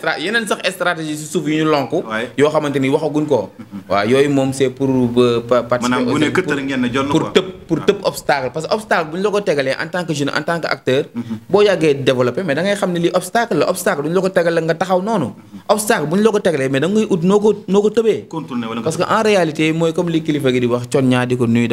quoi si suuf yu ñu lonk yoo xamante ni waxaguñ ko mm-hmm. waaw yooyu moom c'est pour euh, parce que obstacle bu ñu la ko tegalee en tant que jeune en tant que acteur mm-hmm. boo yàggee développé mais da xam ne lii obstacle la obstacle bu ñu la ko tegalee nga taxaw noonu mm-hmm. obstacle bu ñu la ko tegalee mais da ut noo ko tëbee parce que en réalité mooy comme li kilifa gi di wax con ñaa ko nuyu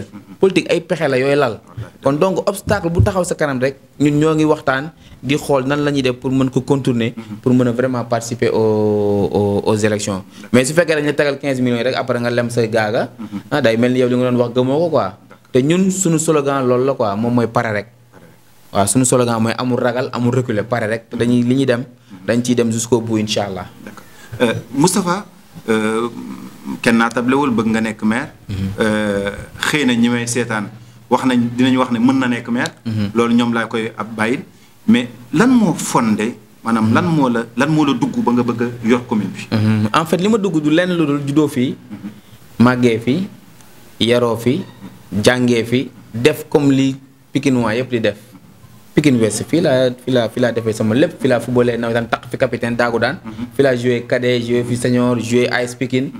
la politique ay pexe la yooyu lal kon donc obstacle bu taxaw sa kanam rek ñun ñoo ngi waxtaan di xool nan la ñuy def pour mën ko contourner pour mën a vraiment participer aux aux élections mais su fekkee dañ la tegal 15 millions rek après nga lem sa gaaga ah day mel ni yow li nga doon wax gëmoo ko quoi te ñun suñu slogan loolu la quoi moom mooy pare rek waaw suñu slogan mooy amul ragal amul réculer pare rek te dañuy li ñuy dem dañ ciy dem jusqu'au bout incha allah. kenn naa tablewul bëgg nga nekk maire. Mhm. Euh, xëy na ñi may seetaan wax nañ dinañu wax ne mën na nekk maire. Mhm. loolu ñoom laa koy ab bàyyil mais lan moo fonde maanaam mhm. lan moo la lan moo la dugg ba nga bëgg a yor commune bi. en fait li ma dugg du lenn lu dul juddoo fii. màggee fi yaroo fi jàngee fi def comme li Pikinois yëpp di def. Pikine West fii laa fii laa fii laa defee sama lépp fii laa footballé nawetaan taq fi capitaine dagoudan daan mhm. fii laa joué cadet jouer fi senior jouer AS Pikine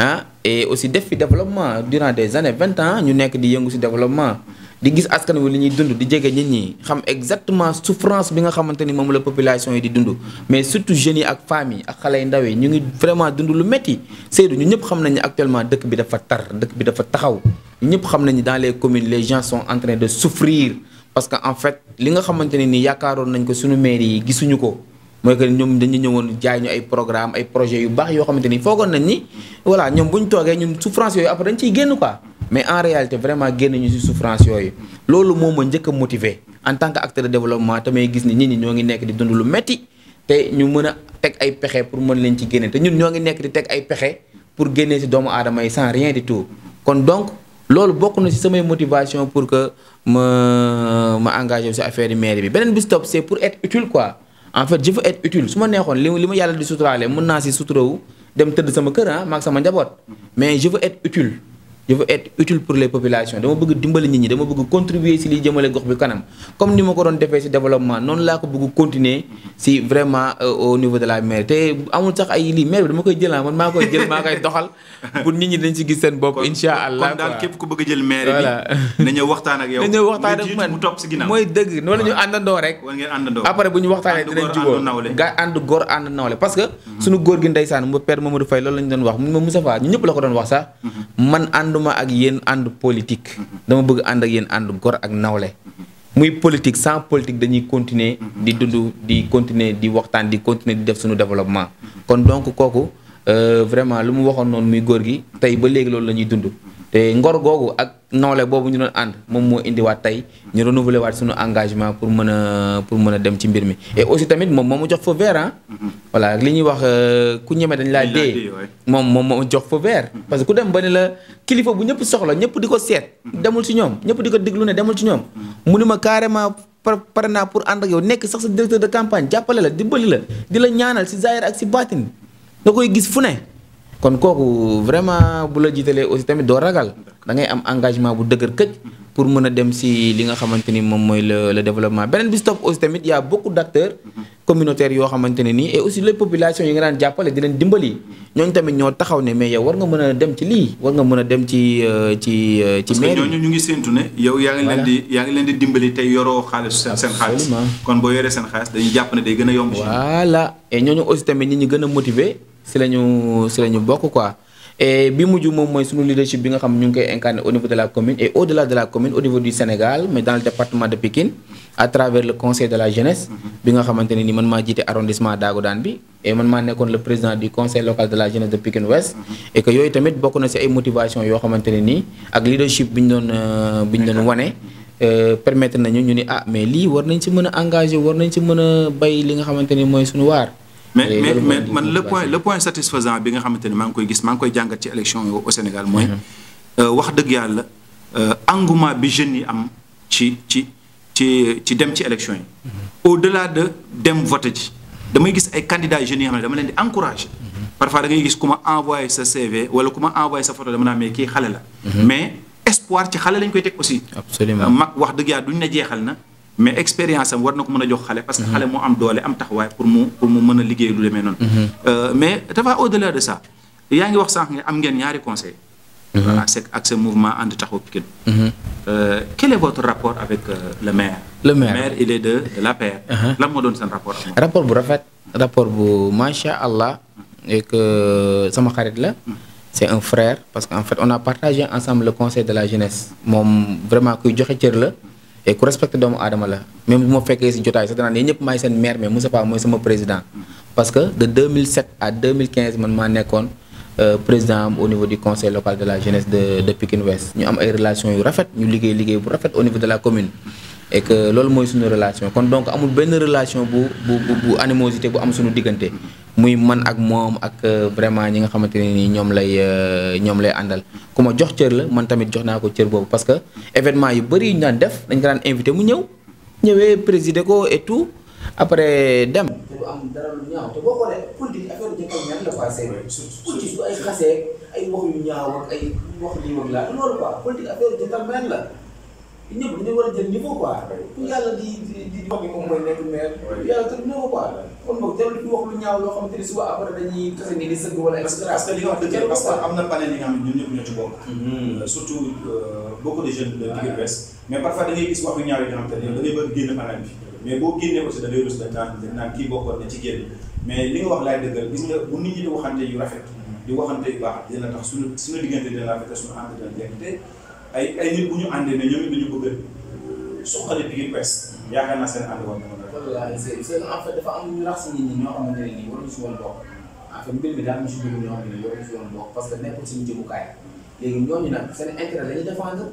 hein, et aussi def fi développement durant des années vingt ans ñu nek di yëngu ci développement di gis askan wi li ñi dund di jege nit ñi xam exactement souffrance bi nga xamante mom la population yi di dund mais surtout jeunes yi ak famille ak xalé yu ndaw yi ñu ngi vraiment dund lu metti Seydou ñu ñëpp xam nañu actuellement dëkk bi dafa tar dëkk bi dafa taxaw ñëpp xam nañu dans les communes les gens sont en train de souffrir parce que en fait li nga xamante ne nii yaakaaroon nañ ko suñu maire yi gisuñu ko mooy que ñoom dañu ñëwoon jaay ñu ay programme ay projet yu baax yoo xamante ni foogoon nañ ni voilà ñoom bu ñu toogee ñun souffrance yooyu après dañ ciy génn quoi mais en réalité vraiment génn ñu si souffrance yooyu loolu moo ma motiver en tant que acteur de développement tamay gis ni nit ñi ñoo nekk di dund lu metti te ñu mën a teg ay pexe pour mën leen ci ñun nekk di teg ay pexe pour génne si doomu aadama sans rien du tout kon donc loolu bokk na si samay motivation pour que ma ma engagé ci affaire yi bi beneen bi ci c'est pour être utile quoi en fait je veux être su ma neexoon li li ma yàlla di suturaale mën naa ci suturawu dem tëdd sama kër ah maag sama njaboot mais je veux être je veux être utile pour les populations je veux contribuer si li gox bi kanam comme nous avons fait ce développement nous continuer si vraiment euh, au niveau de la mer amul sax ay ah, man <laughs> pour nit ñi dañ gis képp ku bëgg rek après ga parce que mhm. suñu que gi veux mu père Mamadou Fay ànduma ak yéen ànd politique dama bëgg ànd ak yéen ànd gor ak nawle muy politique sans politique dañuy continuer di dund di continuer di waxtaan di continuer di def suñu développement kon donc kooku euh, vraiment lu mu waxoon noonu muy góor gi tey ba léegi loolu la ñuy dund te ngor googu ak noole boobu ñu doon ànd moom moo indiwaat tey ñu renouveler waat suñu engagement pour mën a pour mën a dem ci mbir mi aussi tamit moom moo ma jox feu vert voilà li ñuy wax euh, ku ñeme dañ laa dee moom moom moo jox feu vert mm-hmm. parce que ku dem ba ne la kilifa bu ñëpp soxla ñëpp di ko seet mm-hmm. demul ci ñoom ñëpp di ko diglu ne demul ci ñoom mm-hmm. mu ni ma carrément pare naa pour ànd ak yow nekk sax sa directeur de campagne jàppale la dimbali la di la ñaanal si zaahir ak si baatin nga koy gis fu ne kon kooku vraiment bu la jiitalee aussi tamit doo ragal da ngay am engagement bu dëgër këj pour mën a dem si li nga xamante ni moom le le développement beneen bi si topp aussi tamit y' a beaucoup d' acteurs communautaires yoo xamante ne nii et aussi les populations yi nga daan jàppale di leen dimbali ñooñu tamit ñoo taxaw ne mais yow war nga mën a dem ci lii war nga mën a dem ci euh, ci euh, ci mairie ñooñu ñu ngi séntu ne yow yaa ngi leen di yaa ngi leen di dimbali tey yoroo xaalis seen xaalis kon boo yoree seen xaalis dañuy jàpp ne day gën a yomb voilà et ñooñu aussi tamit ñi ñu gën a motiver si la si la bokk quoi et bi mujj moom mooy suñu leadership bi nga xam ñu ngi koy incarné au niveau de la commune et au delà de la commune au niveau du Sénégal mais dans le département de Pikine à travers le conseil de la jeunesse. bi nga xamante ne ni man maa jiite arrondissement Dagoudane bi. et man maa nekkoon le président du conseil local de la jeunesse de Pikine Ouest. et que yooyu tamit bokk na si ay motivation yoo xamante ne nii ak leadership bi ñu euh, euh, nañu ñu ni ah mais lii war nañ si mën a engagé war nañ si mën a bay li nga xamante ni mooy suñu waar. mais mais mais man le point le point satisfaisant bi nga xamanteni mang koy gis mang koy jàngat ci élection yo au Sénégal moy mhm. euh wax deug yalla euh engouement bi jeune yi am ci ci ci ci dem ci élection yi mhm. au delà de dem voter ci damay gis ay candidats jeune yi xam dama len di encourager mhm. parfois da ngay gis kuma envoyer sa CV wala kuma envoyer sa photo dama na mais ki xalé la mais espoir ci xalé lañ koy tek aussi absolument euh, mag wax deug yàlla duñ na jeexal na mais expérience am war na ko mën a jox xale parce que xale moo am doole am taxawaay pour mu pour mu mën a liggéey lu demee noonu mhm. euh, mais dafa au delà de ça yaa ngi wax sànq am ngeen ñaari conseil mhm. voilà ak ce mouvement ànd taxawu Pikine mhm. euh, quel est votre rapport avec euh, le maire le maire il est de de la paire uh-huh. lan moo doon seen rapport ak rapport bu rafet rapport bu macha allah et que sama xarit la mm. c'est un frère parce que en fait on a partagé ensemble le conseil de la jeunesse moom vraiment kuy joxe cër la mm. et ku respecté doomu aadama la même bu ma fekkee si jotaay sax danaan yéen ñëpp maay seen maire mais Moustapha mooy sama président parce que de 2007 à 2015 man maa nekkoon euh, président am au niveau du conseil local de la jeunesse de de Pikine Ouest ñu am ay relations yu rafet ñu liggéey liggéey bu rafet au niveau de la commune et que loolu mooy suñu relation kon donc amul benn relation bu bu bu animosité bu am suñu diggante muy man ak moom ak euh, vraiment ñi nga xamante ne nii ñoom lay euh, ñoom lay àndal ku ma jox cër la man tamit jox naa ko cër boobu parce que événement yu bëri yu ñu daan def dañ ko daan invité mu ñëw ñëwee présider ko et tout après dem. du am dara lu ñaaw te boo xoolee politique affaire jëkkër ñaar la passé. politique du ak la. ñëpp dañu war a jël niveau quoi. pour yàlla di di di wax ni moom mooy nekk maire. yàlla tëdd na ko quoi. kon boog jarul di wax lu ñaaw loo xamante ni suba après dañuy tase ni di sëgg wala et cetera. parce que li nga wax dëgg parce que am na panel yi nga xam ne ñun ñëpp ñoo ci bokk. Mm-hmm. Euh, surtout euh, beaucoup de jeunes de Tigre Bess. Ah. mais parfois da ngay gis wax yu ñaaw yi nga xam te ne da ngay bëgg génn panel bi. mais boo génnee aussi da ngay rus dañ naan dañ naan kii bokkoon na ci génn. mais li nga wax laay dëggal gis nga bu nit ñi di waxante yu rafet. di waxante yu baax dina tax suñu suñu diggante dina rafet suñu entretien ay ay nit bu ñu àndee ne ñoom it dañu bëgg a suqali Pikine Ouest yaakaar naa seen ànd woon na ma. wallaahi seen seen en fait dafa am ñu rax si nit ñi ñoo xamante ne nii waruñu si woon bokk en fait mbir mi daal ñu si dugg ñoo xam ne waruñu si woon bokk parce que nekkul suñu jëmukaay léegi ñooñu nag seen intérêt la défendre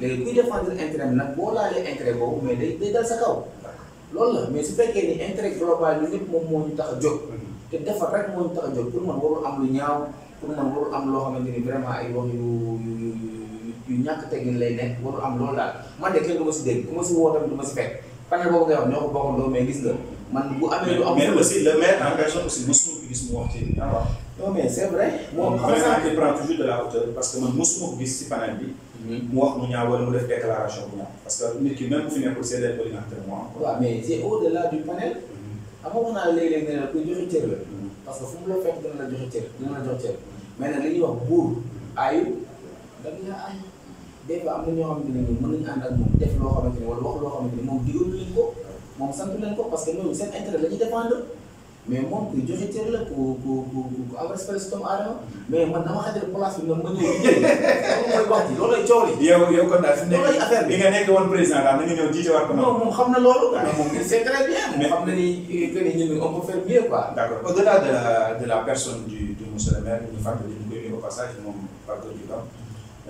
léegi kuy défendre intérêt bi nag boo laalee intérêt boobu mais day day dal sa kaw. loolu la mais su fekkee ni intérêt global bi ñëpp moom moo ñu tax a jóg. te defar rek moo ñu tax a jóg pour man warul am lu ñaaw pour man warul am loo xamante vraiment ay wax yu yu yu. yu ñàkk lay nekk waru am loolu daal man de kenn du ma si ma si woo tamit du ma panel boobu ngay wax ñoo ko mais gis nga man bu amee lu am mais le maire aussi mosuma ko gis mu wax non mais c'est vrai prend toujours de la hauteur parce que man mosuma ko gis si panel bi mm-hmm. mu wax mu ñaaw mu def déclaration bu parce que nit ki même bu fi nekkul des mais au-delà du panel mm-hmm. avant, naa léeg-léeg la kuy mm-hmm. parce que fu mu la fekk la joxe cër la mais nag li ñuy wax buur ayu des fois am na ñoo xamante ne ñoom def loo xamante ne wala wax moom digalu leen ko moom sant leen ko parce que ñoom seen intérêt la ñuy dépendre mais moom kuy joxe cër la ku ku ku ku am respect si mais man dama xajal place bi nga mën a ñëw <laughs> wax ji loolay coow li. yow yow kon nga nekk woon président daal na nga ñëw jiite war ko. non moom xam na loolu. Ah. moom c'est très bien. mais xam na ni euh, que ni ñun on peut faire mieux quoi. d'accord au-delà de la de la personne du du monsieur le maire ñu fàttali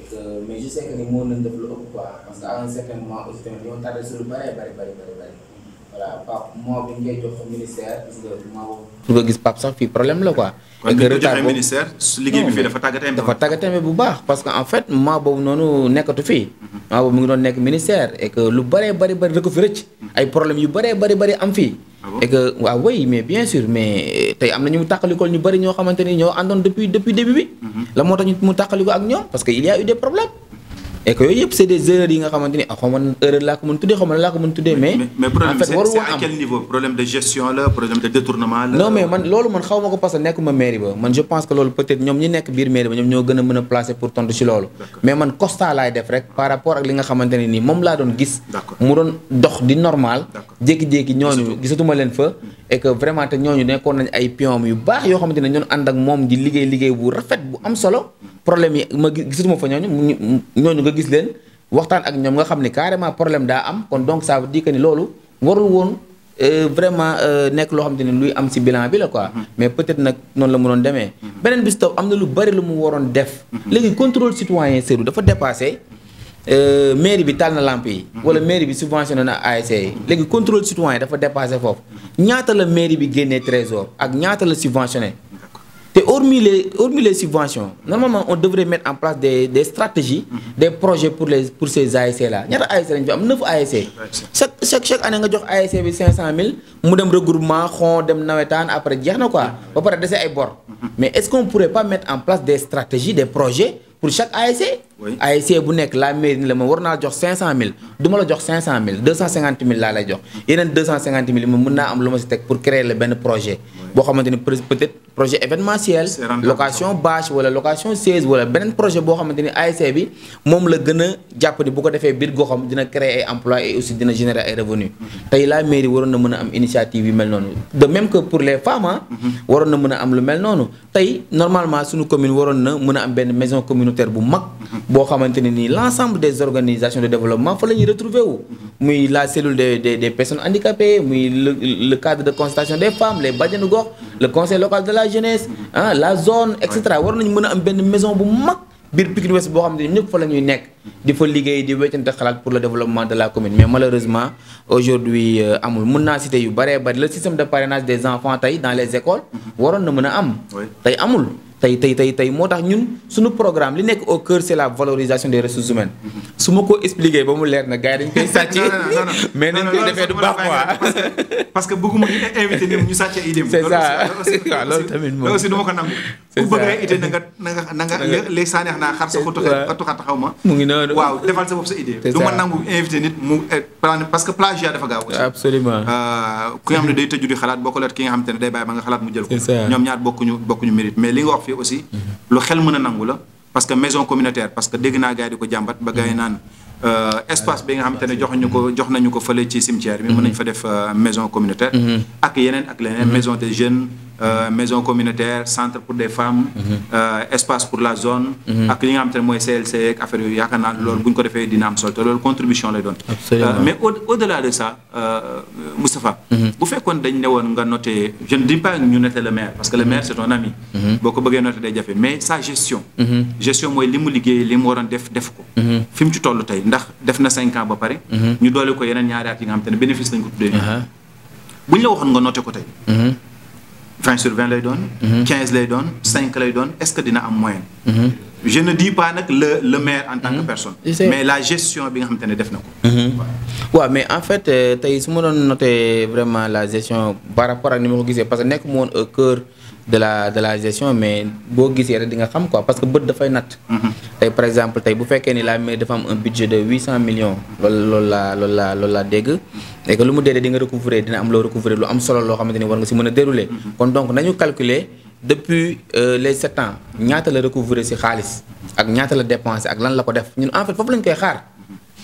et que mais je sais que ni moo leen def lu ëpp quoi parce que à un certain moment aussi tamit ñoo tardé si lu bëree bëri bëri bëri voilà Pape moo bi ñu koy jox ministère gis nga moo. pour problème la quoi. kon bi ñu ko joxee ministère su liggéey bi fii dafa tàggatémbe. dafa bu baax parce que en fait moment boobu noonu nekkatu fii. moment boobu mu ngi doon nekk ministère et lu bëree bëri bëri da ko fi rëcc. Mhm. ay problème yu bëree bëri bëri am fii. Ah et que waaw oui mais bien sûr mais euh, tey am na ñu mu tàqalikool ñu bëri ñoo xamante ni ñoo àndoon depuis depuis début bi. Mhm. la moo tax ñu mu tàqaliko ak ñoom parce que il y eu des problèmes. et que yooyu yëpp c' est des yi nga xamante ni ah xaw laa ko mën tuddee xaw mais mais problème de gestion la problème mais man loolu man xaw ko parce que nekkuma mairie ba man je que loolu peut être ñoom ñi nekk biir mairie ba ñoom ñoo gën a mën a pour tontu ci loolu. mais man constat laay def rek par rapport ak li nga xamante nii moom laa doon gis. mu doon dox di normal. jékki-jékki ñooñu gisatuma leen fa. Hmm. et vraiment te ñooñu nekkoon nañ ay pion yu baax yoo xamante ne ñoon ànd ak moom di liggéey liggéey bu rafet bu am solo problème yi ma gisatuma fa ñooñu ñooñu nga gis leen waxtaan ak ñoom nga xam ni carrément problème daa am kon donc ça veut dire que ni loolu warul woon euh, vraiment euh, nekk loo xam ne luy am si bilan bi la quoi. Mm-hmm. mais peut-être nag noonu la mu doon demee. Mm-hmm. beneen bis taw am na lu bari lu mu waroon def. Mm-hmm. léegi contrôle citoyen Seydou dafa dépassé. Euh, mairie bi taal na lampe, yi. Mhm. wala mairie bi subventionné na ASC yi. Mhm. léegi contrôle citoyen dafa dépassé foofu mhm. ñaata la mairie bi le trésor ak ñaata la subventionné. te hormis les hormis les subventions normalement on devrait mettre en place des des stratégies. des projets pour les pour ces ASC là ñaata ASC lañ fi am neuf ASC. chaque chaque chaque année nga jox ASC bi 500000 mu dem regroupement xon dem nawetaan après jeex na quoi ba pare dese ay bor. mais est-ce qu'on ne pourrait pas mettre en place des stratégies des projets pour chaque ASC. ASC bu nekk la mairie la ma war naa jox 500000 du ma la jox 500000 250000 laa lay jox yeneen 250000 ma mën naa am lu ma si teg pour créer la benn projet. boo xamante ni peut projet événementiel. location bâche wala location siège wala beneen projet boo xamante ni ASC bi moom la gën a jàpp ni bu ko defee biir goxam dina créer ay emploi et aussi dina générer ay revenus. Mhm. tey la mairie waroon na mën a am initiative yu mel noonu de même que pour les femmes mhm. waroon na mën a am lu mel noonu tey normalement suñu commune waroon na mën a am benn maison communautaire bu mag. Mhm. l'ensemble des organisations de développement il faut les retrouver wu la cellule des des personnes handicapées le cadre de consultation des femmes les le conseil local de la jeunesse hein, la zone etc. Il faut nañu mën am maison pour mag biir Pikine Ouest boo xam ne fa pour le développement de la commune mais malheureusement aujourd'hui euh, amul cité yu le système de parrainage des enfants dans les écoles Il na meuna am tay amul tey tey tey tey moo tax ñun suñu programme li nekk au cœur c'est la valorisation des ressources humaines mm-hmm. su ma ko expliquer ba mu leer na gars yi dañ koy <laughs> sàcc mais nañ koy defee du baax quoi parce que bëgguma ñu invité ñu sàcc idée <laughs> c'est ça <laughs> waaw loolu tamit moom ma ko nangu ku bëgg rek idée na nga na nga na xar sa xutu xat xaw ma ngi noonu waaw defal sa bopp sa idée du nangu invité nit mu eh, parce que plagiat dafa gaaw aussi absolument euh, nga xam ne day tëju di xalaat bokkul ak ki nga xam te day bàyyi ba nga xalaat mu jël ko ñoom ñaar bokkuñu mérite mais li nga wax fii aussi mhm. lu xel mën a nangu la parce que maison communautaire parce que dégg naa gars di ko jàmbat ba gars naan euh, espace bi nga xamante ne jox nañu ko mhm. fa def euh, maison communautaire mhm. Euh, maison communautaire centre pour des femmes. Mhm. Euh, espace pour la zone. Mhm. ak li nga xam te ne mooy CLC ak affaire yooyu yaakaar naa loolu ko defee dina am solo te contribution lay doon. Euh, mais au au delà de ça euh Moustapha. Mhm. bu fekkone dañ néwon nga noter je ne dis pas ñu noté le maire parce que le maire c'est ton ami. boo ko bëggee noté day jafé mais sa gestion. gestion mooy li mu liggéey li mu waroon def def ko. fi mu ci tollu tay ndax def na 5 ans ba pare. ñu doole ko yenen ñaari at yi nga xam te bénéfice lañ ko tuddee. Uh-huh. buñ la waxoon nga noter ko tey. 20 sur 20 lay 15 mhm. lay 5 lay est-ce que dina am moyen mhm. je ne dis pas le le maire en tant que mhm. personne. mais la gestion bi nga xamante def nako. mais en fait euh, tay su don vraiment la gestion par rapport à ni parce que nek mu au cœur de la de la gestion mais bo gisé rek di nga xam quoi parce que da fay nat. Tay par exemple tay bu a ni la maire dafa un budget de 800 millions. loolu loolu et que lu mu dee di nga recouvrer dina am loo recouvrer lu am solo loo xamante ni war nga si mën a dérouler. Mm-hmm. kon donc nañu calculer depuis euh, les sept ans ñaata la recouvrer si xaalis ak ñaata la dépensé ak lan la ko def ñun en fait foofu lañ koy xaar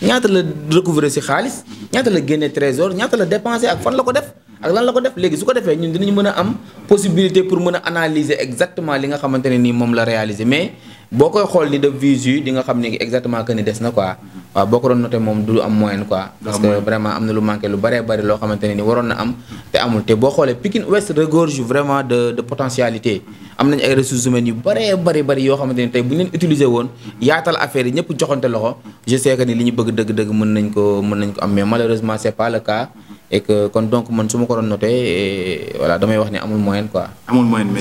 ñaata la recouvrer si xaalis ñaata la génne trésor ñaata la dépensé ak fan la ko def. ak lan la ko def léegi su ko defee ñun dinañu mën a am possibilité pour mën a analyser exactement li nga xamante ne nii la réaliser mais. boo koy xool ni de visu di nga xam ne exactement que ni des na quoi waaw boo ko doon noté moom du am moyen quoi parce que vraiment lu manqué lu bëree bëri loo ni waroon na am te amul te boo xoolee Pikine Ouest ay ressources humaines yu bëree bëri bëri yoo xamante ni tey bu ñu leen utiliser woon yaatal affaire yi ñëpp que ni li ñu bëgg dëgg mën nañ ko mën nañ ko am mais malheureusement c'est kon donc man su ma ko doon noté voilà damay wax ni amul moyen quoi amul moyen mais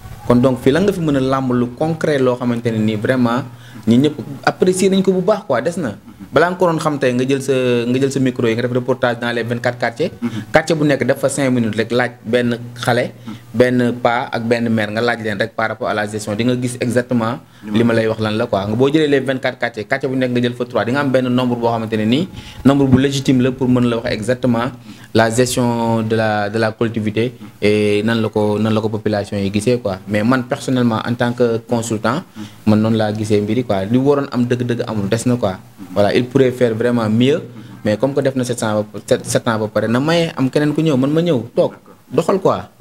kon donc fii lan nga fi mën a làmb lu concret loo xamante ne nii vraiment ñi ñëpp apprécier nañ ko bu baax quoi des na balaa nga ko doon xam tey nga jël sa nga jël sa micro yi nga def reportage dans les 24 quartiers mm-hmm. quartier bu nekk def fa 5 minutes rek laaj benn xale benn pa ak benn maire nga laaj leen rek par rapport à la gestion di nga gis exactement li ma lay wax lan la quoi nga boo jëlee les 24 quartiers quartier bu nekk nga jël fa 3 di nga am benn nombre boo xamante ne nii nombre bu légitime la pour mën la wax exactement la gestion de la collectivité et nan la ko nan la ko population yi gisee quoi mais man personnellement en tant que consultant man noonu laa gisee mbiri quoi li waroon am dëgg-dëgg amul des na quoi voilà il pourrait vraiment mieux mais comme que def na sept ans ba sept na maye am keneen ku ñëw man ma ñëw toog doxal quoi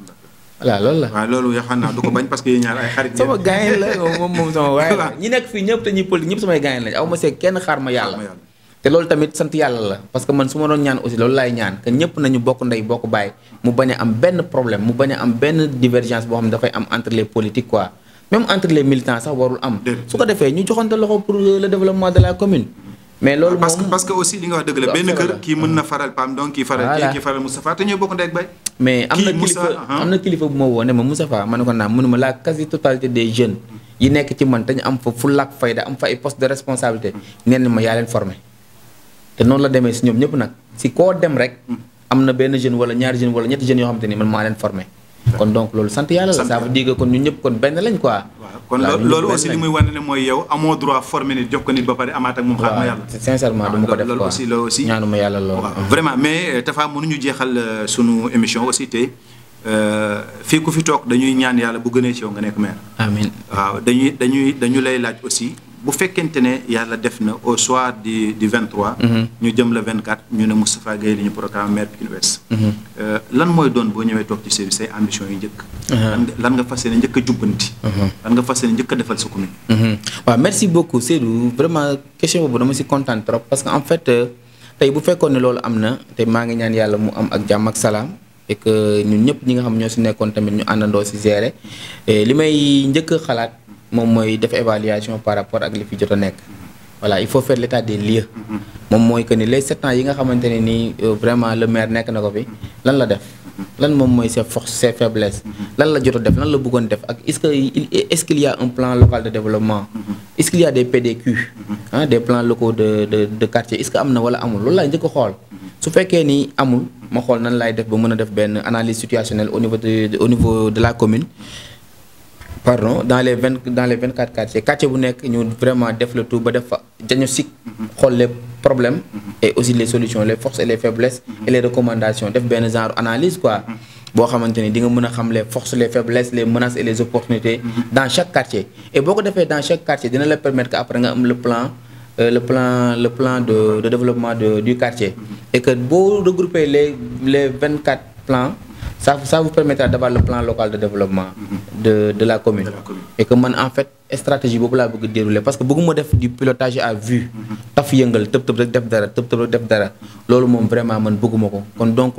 voilà loolu la. waaw loolu yoo xam naa du ko bañ parce que ñaar ay sama gaañ la moom moom sama waaye la <laughs> ñi nekk fii ñëpp te ñuy politique ñëpp samay gaañ lañ aw see kenn xaar ma yàlla. te loolu tamit sant yàlla la parce que man su ma doon ñaan aussi loolu laay ñaan que ñëpp nañu bokk ndey bokk bàyyi mu bañ am benn problème mu bañ am benn divergence boo xam ne dafay am entre les politiques quoi même entre les militants sax warul am. su ko defee ñu joxante loxo mais loolu parce que parce que aussi li nga wax dëgg la benn kër kii mën na ah. faral Pam donc kii faral kii te ñooy bokk ndey ak bay mais am na kilifa am na bu ma woo ne ma Moustapha ma ne ko naam mënuma la quasi totalité des jeunes yi nekk ci man dañu am fa fu làkk fayda am fa ay poste de responsabilité neen ma yaa leen formé te noonu la demee si ñoom ñëpp nag si koo dem rek hmm. am na benn jeune wala ñaari jeune wala ñetti jeunes yoo xamante ni man maa leen formé kon donc loolu sant yàlla la ça veut dire kon ñu ñëpp kon benn lañ quoi kon loolu aussi li muy wane ne mooy yow amoo droit former nit jox ko nit ba pare amaat ak moom xaar yàlla ko def loolu aussi loolu aussi ñaanuma yàlla loolu vraiment mais euh, Tafa mënuñu jeexal euh, sunu émission aussi tey euh, fii ku fi toog dañuy ñaan yàlla bu gënee ci yow nga nekk maire waaw dañuy dañuy dañu lay laaj aussi bu fekkente ne yàlla def na au soir du du 23. Mhm. ñu jëm le 24 ñu ne Moustapha Guèye li ñu programme maire Pikine Ouest. Mhm. Euh, lan mooy doon boo ñëwee toog ci service say ambition yu njëkk. Uh-huh. lan nga fas yéene njëkk a jubbanti. Uh-huh. lan nga fas yéene njëkk a defal sa commune. Uh-huh. waaw merci beaucoup Seydou vraiment question boobu dama si content trop parce que en fait euh, tey bu fekkoon ne loolu am na te maa ngi ñaan yàlla mu am ak jàmm ak salaam. et que ñun ñëpp ñi nga xam ñoo si nekkoon tamit ñu àndandoo si gérer li may njëkk a xalaat mon mooy def évaluation par rapport à li fi voilà il faut faire l'état des lieux mon mooy que les sept ans yi nga xamante ni euh, vraiment le maire nek na ko fi lan la def lan mom moy ses forces ses faiblesses lan la jot def lan la bëggoon def est ce qu'il est ce qu'il y a un plan local de développement est ce qu'il y a des PDQ Hein, des plans locaux de de de quartier est ce que am na wala amul loolu laay njëkk a su féké ni amul ma xol nan lay def ba mën a def ben analyse situationnelle au niveau de au niveau de la commune pardon dans les 24 dans les 24 quartiers quartier vous vraiment def le tout ba def diagnostic les problèmes mhm. et aussi les solutions les forces et les faiblesses mhm. et les recommandations def bien genre analyse quoi Pour mhm. les forces les faiblesses les menaces et les opportunités dans chaque quartier et beaucoup de faire, dans chaque quartier dina la permettre le plan euh, le plan le plan de développement du quartier et que de regrouper les les plans ça, vous permettra d'avoir le plan local de développement mhm. de, la commune. Et que moi en fait, stratégie boobu laa dérouler parce que beaucoup def du pilotage à vue. Mhm. taf yëngal tëb rek def dara mhm. le vraiment donc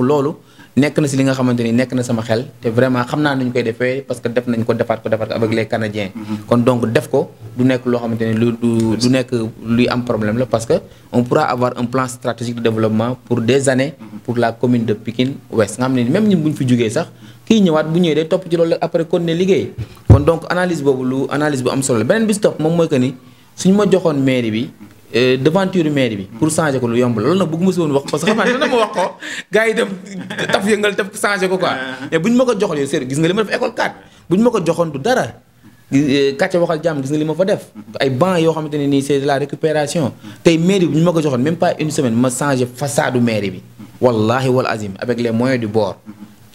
nek na ci li nga xamanteni nek na sama xel te vraiment xamna nuñ koy defee parce que def nañ ko defaat ko defaat ko avec les Canadiens. Mm-hmm. kon donc def ko du nek lo xamanteni lu du du nekk luy am problème la parce que on pourra avoir un plan stratégique de développement pour des années mm-hmm. pour la commune de Pikine Ouest nga xam même ñun buñ fi juggé sax ki ñëwaat bu ñëwé day top ci loolu après né liggéey kon donc analyse bobu lu analyse bu am solo benen bis top mom moy que ni suñu ma joxone mairie bi eh, devanture maire bi pour changer ko lu yomb loolu nak bëgguma si woon wax parce que xamane dama wax ko gaay dem taf yëngal taf changer ko quoi uh-huh. mais buñ mako ma ko joxoon gis nga lima def école 4 buñ mako ma du dara eh, katcha waxal jam gis nga lima fa def ay banc yo xamanteni ni c'est de la récupération tay mairie buñ mako ñu même pas une semaine ma changer façade mairie bi wallahi wal azim avec les moyens du bord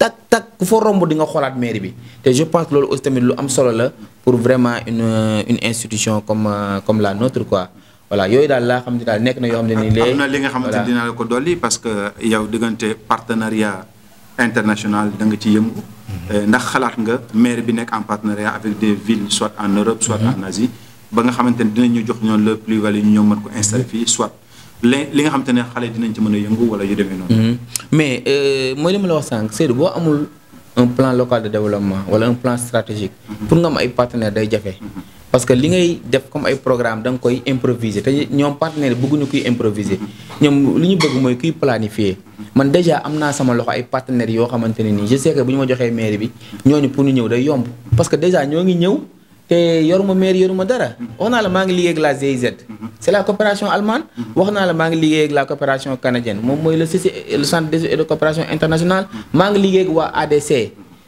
tak tak ku fo romb di nga xolat mairie bi te je pense que aussi tamit lu am solo la pour vraiment une une institution comme euh, comme la nôtre quoi voilà yooyu daal laa xam ne daal nekk na yoo xam ne nii léegi am na la ko dolli parce que yow diggante partenariat international da nga ci yëngu mhm. eh, ndax xalaat nga maire bi nekk en partenariat avec des villes soit en Europe soit mhm. en Asie ba nga xamante ne ñu jox ñoom le plus value ñu ñoo mën ko installé fii soit li li nga xamante ne xale dinañ ci mën a yëngu wala yu demee noonu. Mhm. mais euh, mooy li ma la wax sànq boo amul un plan local de développement wala un plan pour nga am ay partenaires day jafe. parce que li ngay def comme ay programme da nga koy improviser te ñoom partenaire bëgguñu kuy improviser ñoom li ñu bëgg mooy kuy planifier man déjà am naa sama loxo ay partenaires yoo xamante ne nii je sais bu ñu ma joxee mairie bi ñooñu pour ñu ñëw day yomb parce que déjà ñoo ngi ñëw te yoruma mairie yoruma dara wax naa la maa ngi liggéey ak la GIZ c'est la coopération allemande wax naa la maa ngi liggéey ak la coopération canadienne moom mooy le CC le centre de coopération internationale ngi liggéey ak waa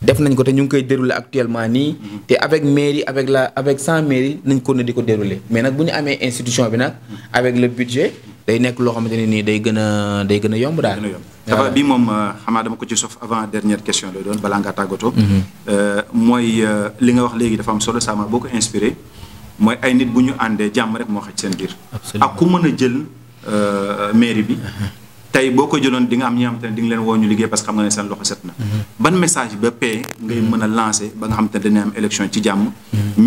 def nañ ko actuellement ni mhm. avec mairie avec la avec sans mairie nañ ko déroulé. mais nous buñu une institution mhm. avec le budget. day nek lo Je ni day gëna day gëna yomb dafa bi euh, dama ko avant dernière question lay doon balanga tagoto mhm. euh moy euh, li nga wax dafa am solo sama inspiré moy ay nit buñu andé rek mo xëc sen bir ak ku euh, mairie tey boo ko jëloon di am ñi xam te ne di leen woo ñu liggéey parce que xam nga ne seen loxo set na. ban message ba paix ngay mën a lancer ba nga xam te ne dina am élection ci jàmm.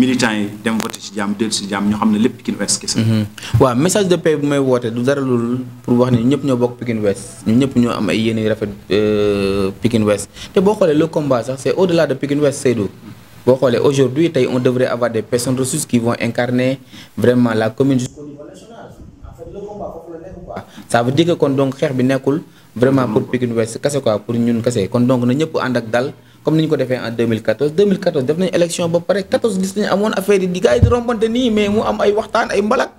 militants yi dem voté ci jàmm dellu si jàmm ñu xam ne lépp Pikine West kese mhm. waaw message de paix bu may woote pour wax ne ñëpp ñoo bokk Pikine West ñun ñëpp ñoo am ay yéene rafet euh, Pikine West te boo xoolee le combat sax c'est au-delà de Pikine West Seydou. boo xoolee aujourd'hui tey on devrait avoir des personnes ça veut dire que kon donc xeex bi nekkul vraiment pour Pikine Ouest kese quoi pour ñun kese kon donc na ñëpp ànd ak dal comme nous ñu ko en 2014 2014 def nañ élection ba pare 14 dix nañu amoon affaire yi di gars yi di rombante nii mais mu am ay waxtaan ay mbalak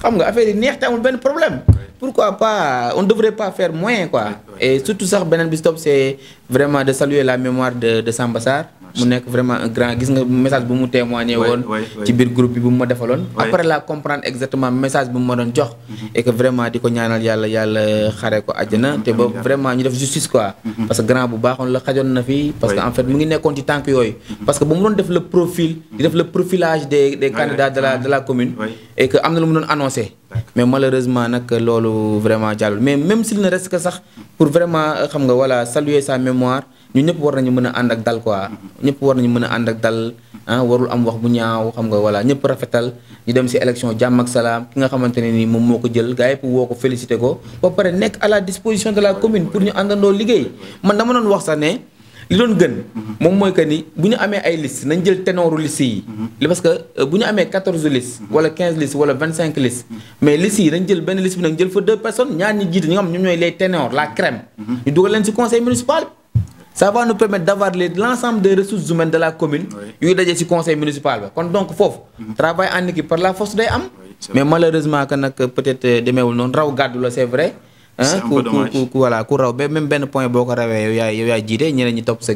xam nga affaire yi neex te amul benn problème pourquoi pas on devrait pas faire moins quoi et surtout sax benen bi stop c'est vraiment de saluer la mémoire de de Samba Sarr mu vraiment un grand gis nga message bu mu témoigné woon ci biir groupe bi bu mu après la comprendre exactement message bu mu ma jox mhm. et que vraiment di ko ñaanal yàlla yàlla xare ko àjjana mhm. te ba vraiment ñu def justice quoi mhm. parce que grand bu baaxoon la xajoon na vie, parce que en fait mu ngi nekkoon ci tànk yooyu parce que ba mu doon def le profil di def le profilage des des candidats de la de la commune et que am na lu mu doon annoncé mais malheureusement nag loolu vraiment jàllul mais même s'il ne reste que ça, pour vraiment euh, xam nga voilà saluer sa mémoire ñu ñëpp war nañu mën a ànd ak dal quoi ñëpp war nañu mën a ànd ak dal ah warul am wax bu ñaaw xam nga voilà ñëpp rafetal ñu dem si élection jàmm ak salaam ki nga xamante ne ni moom moo ko jël gars yëpp woo ko félicité ko ba pare nekk à la disposition de la commune pour ñu àndandoo liggéey man dama doon wax sax ne li doon gën moom mooy que ni bu ñu amee ay liste nañ jël ténoru liste yi li parce que euh, bu ñu amee 14 listes wala 15 listes wala 25 listes mais liste yi nañ jël benn ça va nous permettre d'avoir l'ensemble des ressources humaines de la commune yooyu dajee ci conseil municipal ba kon donc foofu mhm. travail en équipe par la force day am mais malheureusement que peut-être euh, demeewul non raw gàddu la c'est vrai hein, ku cou ku voilà ku raw ba même ben point boo ko rawee yow yaay yow yaay jiite ñeneen ñi sa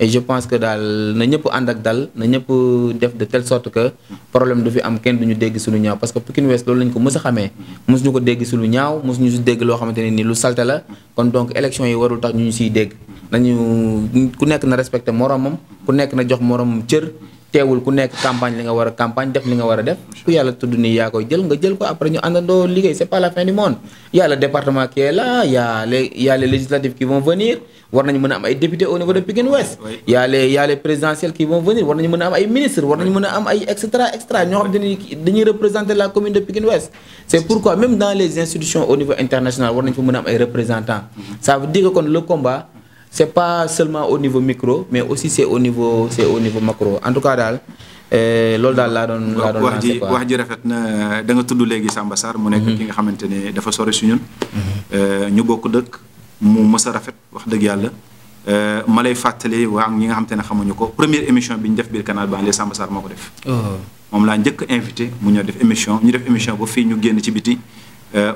et je pense que daal na ñëpp ànd dal na def de telle sorte que problème du fi am ken duñu dégg suñu ñaaw parce que Pikine Ouest loolu lañ ko mës xamé xamee mësuñu mhm. ko dégg suñu ñaaw mësuñu si dégg lo xamanteni ni lu salté la kon donc élection yi warul tax ñu ci dégg nous ku nekk na nous moromam ku nekk na jox moromam cër teewul ku campagne li nga la campagne def li nga a def ku yàlla tudd après ñu pas la fin du monde Il y a le département qui est là il les y a les législatives qui vont venir il y a les députés au niveau de pékin Ouest il les y a les présidentielles qui vont venir il y a les ministres etc. Nous mën am ay représenter la commune de pékin Ouest c'est pourquoi même dans les institutions au niveau international war y a am représentants mhm. ça veut dire que le combat c'est pas seulement au niveau micro mais aussi c'est au niveau c'est au niveau macro en tout cas daal eh, loolu daal laa doon laa doon wax ji wax ji rafet na da nga tudd léegi Samba Sarr mu nekk mhm. ki nga xamante ne dafa sori su ñun mhm. eh, ñu bokk dëkk mu mës a rafet wax dëgg yàlla eh, ma lay fàttali waa ñi nga xamante xamuñu ko première émission bi ñu def biir canal banlieue Samba Sarr moo ko def oh. moom laa njëkk invité mu ñëw def émission ñu def émission ba fii ñu génn ci biti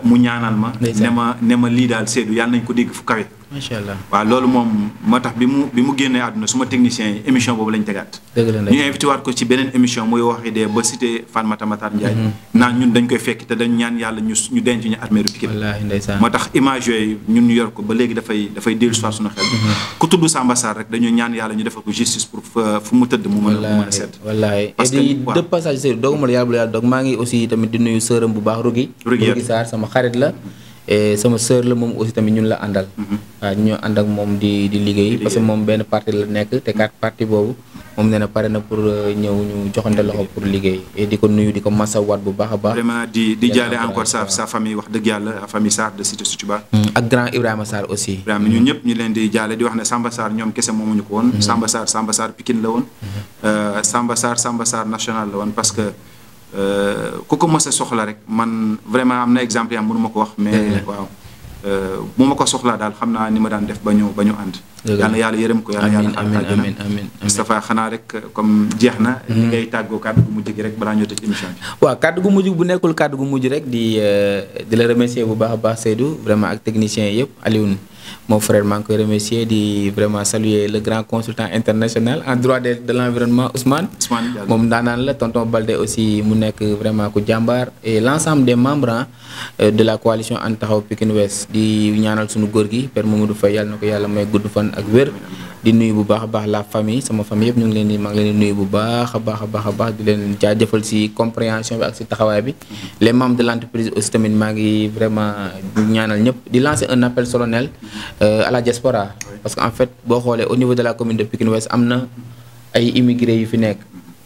mu ñaanal ma ne ma ne ma lii daal seedu yàlla nañ ko dégg fu kawe macha allah waaw loolu moom moo tax bi mu bi mu génnee àdduna suma technicien yi émission boobu lañ tegaat. dëgg la ñu invité waat ko ci beneen émission muy waxi dee ba cité Fatmata Matar Ndiaye. Mm-hmm. naan ñun dañ koy fekki te dañ ñaan yàlla ñu ñu denc ñu arméeru Pikine. wallaahi tax image yooyu ñu yor ko ba léegi dafay dafay dellu si suñu xel. Mm-hmm. ku Samba Sarr rek dañu ñaan yàlla ñu defal ko justice pour fu mu tëdd mu mën a mu mën a set. wallaahi parce que passage Seydou dooguma la yàlla bu yàlla doog maa ngi aussi tamit di nuyu sëram bu baax Rugi Rugi Sarr sama xarit la mm-hmm. et sama sœur la moom aussi tamit ñun la àndal. Mhm. waaw ñoo ànd ak moom di liggéey. parce que moom benn parti la nekk te quatre parti boobu moom nee na pare na pour euh, ñëw ñu joxante loxo pour liggéey. di ko nuyu di ko masawaat bu baax a baax. di di jaale encore sa sa wax dëgg yàlla famille Sarr de Cité Soutuba. Mm, ak grand Ibrahima Sarr aussi. Ibrahima ñun mm. ñëpp ñu leen di jaale di wax ne Samba saar ñoom kese moomuñu ko woon. Mm. Samba Sarr Samba Sarr Pikine la woon. Mm-hmm. Euh, Samba Sarr Samba Sarr national la woon parce que. Euh, ku ko mës soxla rek man vraiment am na exemple yi am mënu ma ko wax. mais waaw euh, bu ma ko soxla daal xam naa ni ma daan def ba ñu ba ñu ànd. yal na yàlla yërëm ko yaa na yàlla xam naa amiin amiin xanaa rek comme jeex na. li mhm. ngay tàggoo kàddu gu mujj gi rek balaa ñoo tëj émission bi. waaw kàdd gu mujj bu nekkul kàddu gu mujj rek di euh, di la remercier bu baax a baax Seydou vraiment ak technicien yëpp Alioune. moo frère maa ngi koy remercier di vraiment saluer le grand consultant international en droit de de l' environnement Ousmane. moom daanaan la tonton Balde aussi mu nekk vraiment ku jàmbaar et l' de des membres euh, de la coalition And taxaw Pikine Ouest di ñaanal suñu góor gi Père Mamadou Faye yàlla na ko yàlla may gudd fan ak wér. di nuyu bu baax a baax la famille sama famille yëpp ñu ngi leen a baax a baax di leen jaajëfal si compréhension bi ak si taxawaay bi les membres de l' entreprise aussi maa ngi vraiment ñaanal ñëpp di lancer un appel solennel euh, à la diaspora parce que en fait boo xoolee au niveau de la commune de Pikine Ouest am na ay immigrés yu fi nekk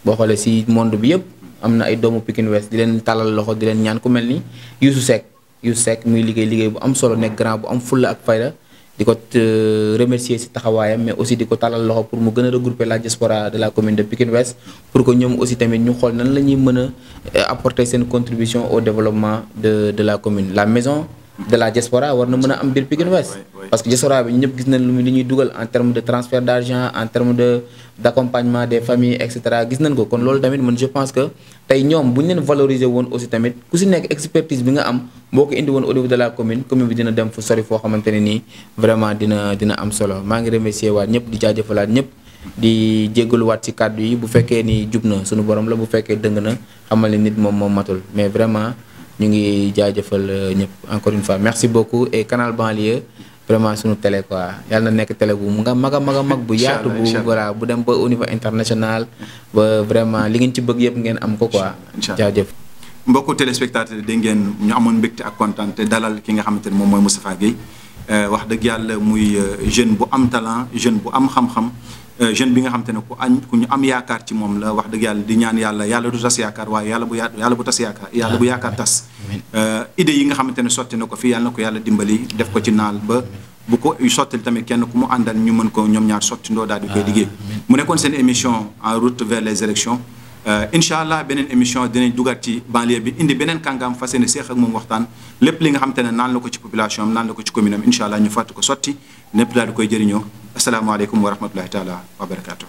boo xoolee si monde bi yëpp am na ay doomu Pikine Ouest di leen tàllal loxo di leen ñaan ku mel ni Youssou Seck Youssou Seck muy liggéey liggéey bu am solo dikot ko eh, remercier si taxawaayam mais eh, aussi di ko talal loxo pour mu gën regrouper la diaspora de la commune de Pikine Ouest pour que ñoom aussi tamit ñu nan eh, apporter contribution au développement de de la commune la maison de la diaspora war na mën a am biir Pikine Ouest parce que diaspora bi ñu ñëpp gis nañ lu ñuy dugal en terme de transfert d'argent en terme de d'accompagnement des familles et gis nañ ko kon loolu tamit man je pense que tey ñoom bu ñu leen valoriser woon aussi tamit ku si nekk expertise bi nga am boo ko indi woon au de la commune commune bi dina dem fu sori foo xamante ne nii vraiment dina dina am solo maa ngi remercier waat ñëpp di jaajëfalaat ñëpp di jéggaluwaat ci kàddu yi bu fekkee ni jub na borom la bu fekkee dëng na xamal nit moom moom matul mais vraiment ñu ngi jaajëfal euh, ñëpp encore une fois merci beaucoup et canal banlieue vraiment suñu télé quoi yàlla na nekk télé bu mu nga mag a mag a mag bu yaatu bu voilà bu dem ba au niveau international ba vraiment li ngeen ci bëgg yëpp ngeen am ko quoi jaajëf mbokku téléspectateur dégg ngeen ñu amoon mbégte ak kontaan dalal ki nga xamante ne moom mooy Moustapha Gueye euh, wax dëgg yàlla muy euh, jeune bu am talent jeune bu am xam-xam Euh, jeune bi nga xam te ne ku am yaakaar ci moom la wax dëgg yàlla di ñaan yàlla yàlla du tas yaakaar waaye yàlla bu yàlla bu tas yaakaar yàlla bu yaakaar tas euh, idée yi nga xamante ne sotti na ko fii yàlla na ko yàlla dimbali def ko ci naal ba bu ko sottil tamit kenn ku mu àndal ñu mën ko ñoom ñaar sotti ndoo daal koy liggéey mu nekkoon seen émission en route vers les élections Euh, incha allah beneen émission dinañ dugaat ci banlieue bi indi beneen kàngaam fas yéene seex ak moom waxtaan lépp li nga xam te ne naan la ko ci population am naan la ko ci commune am incha allah ñu fàtt ko sotti lépp daal di koy jëriñoo asalaamaaleykum wa rahmatullahi taala wa barakaatu.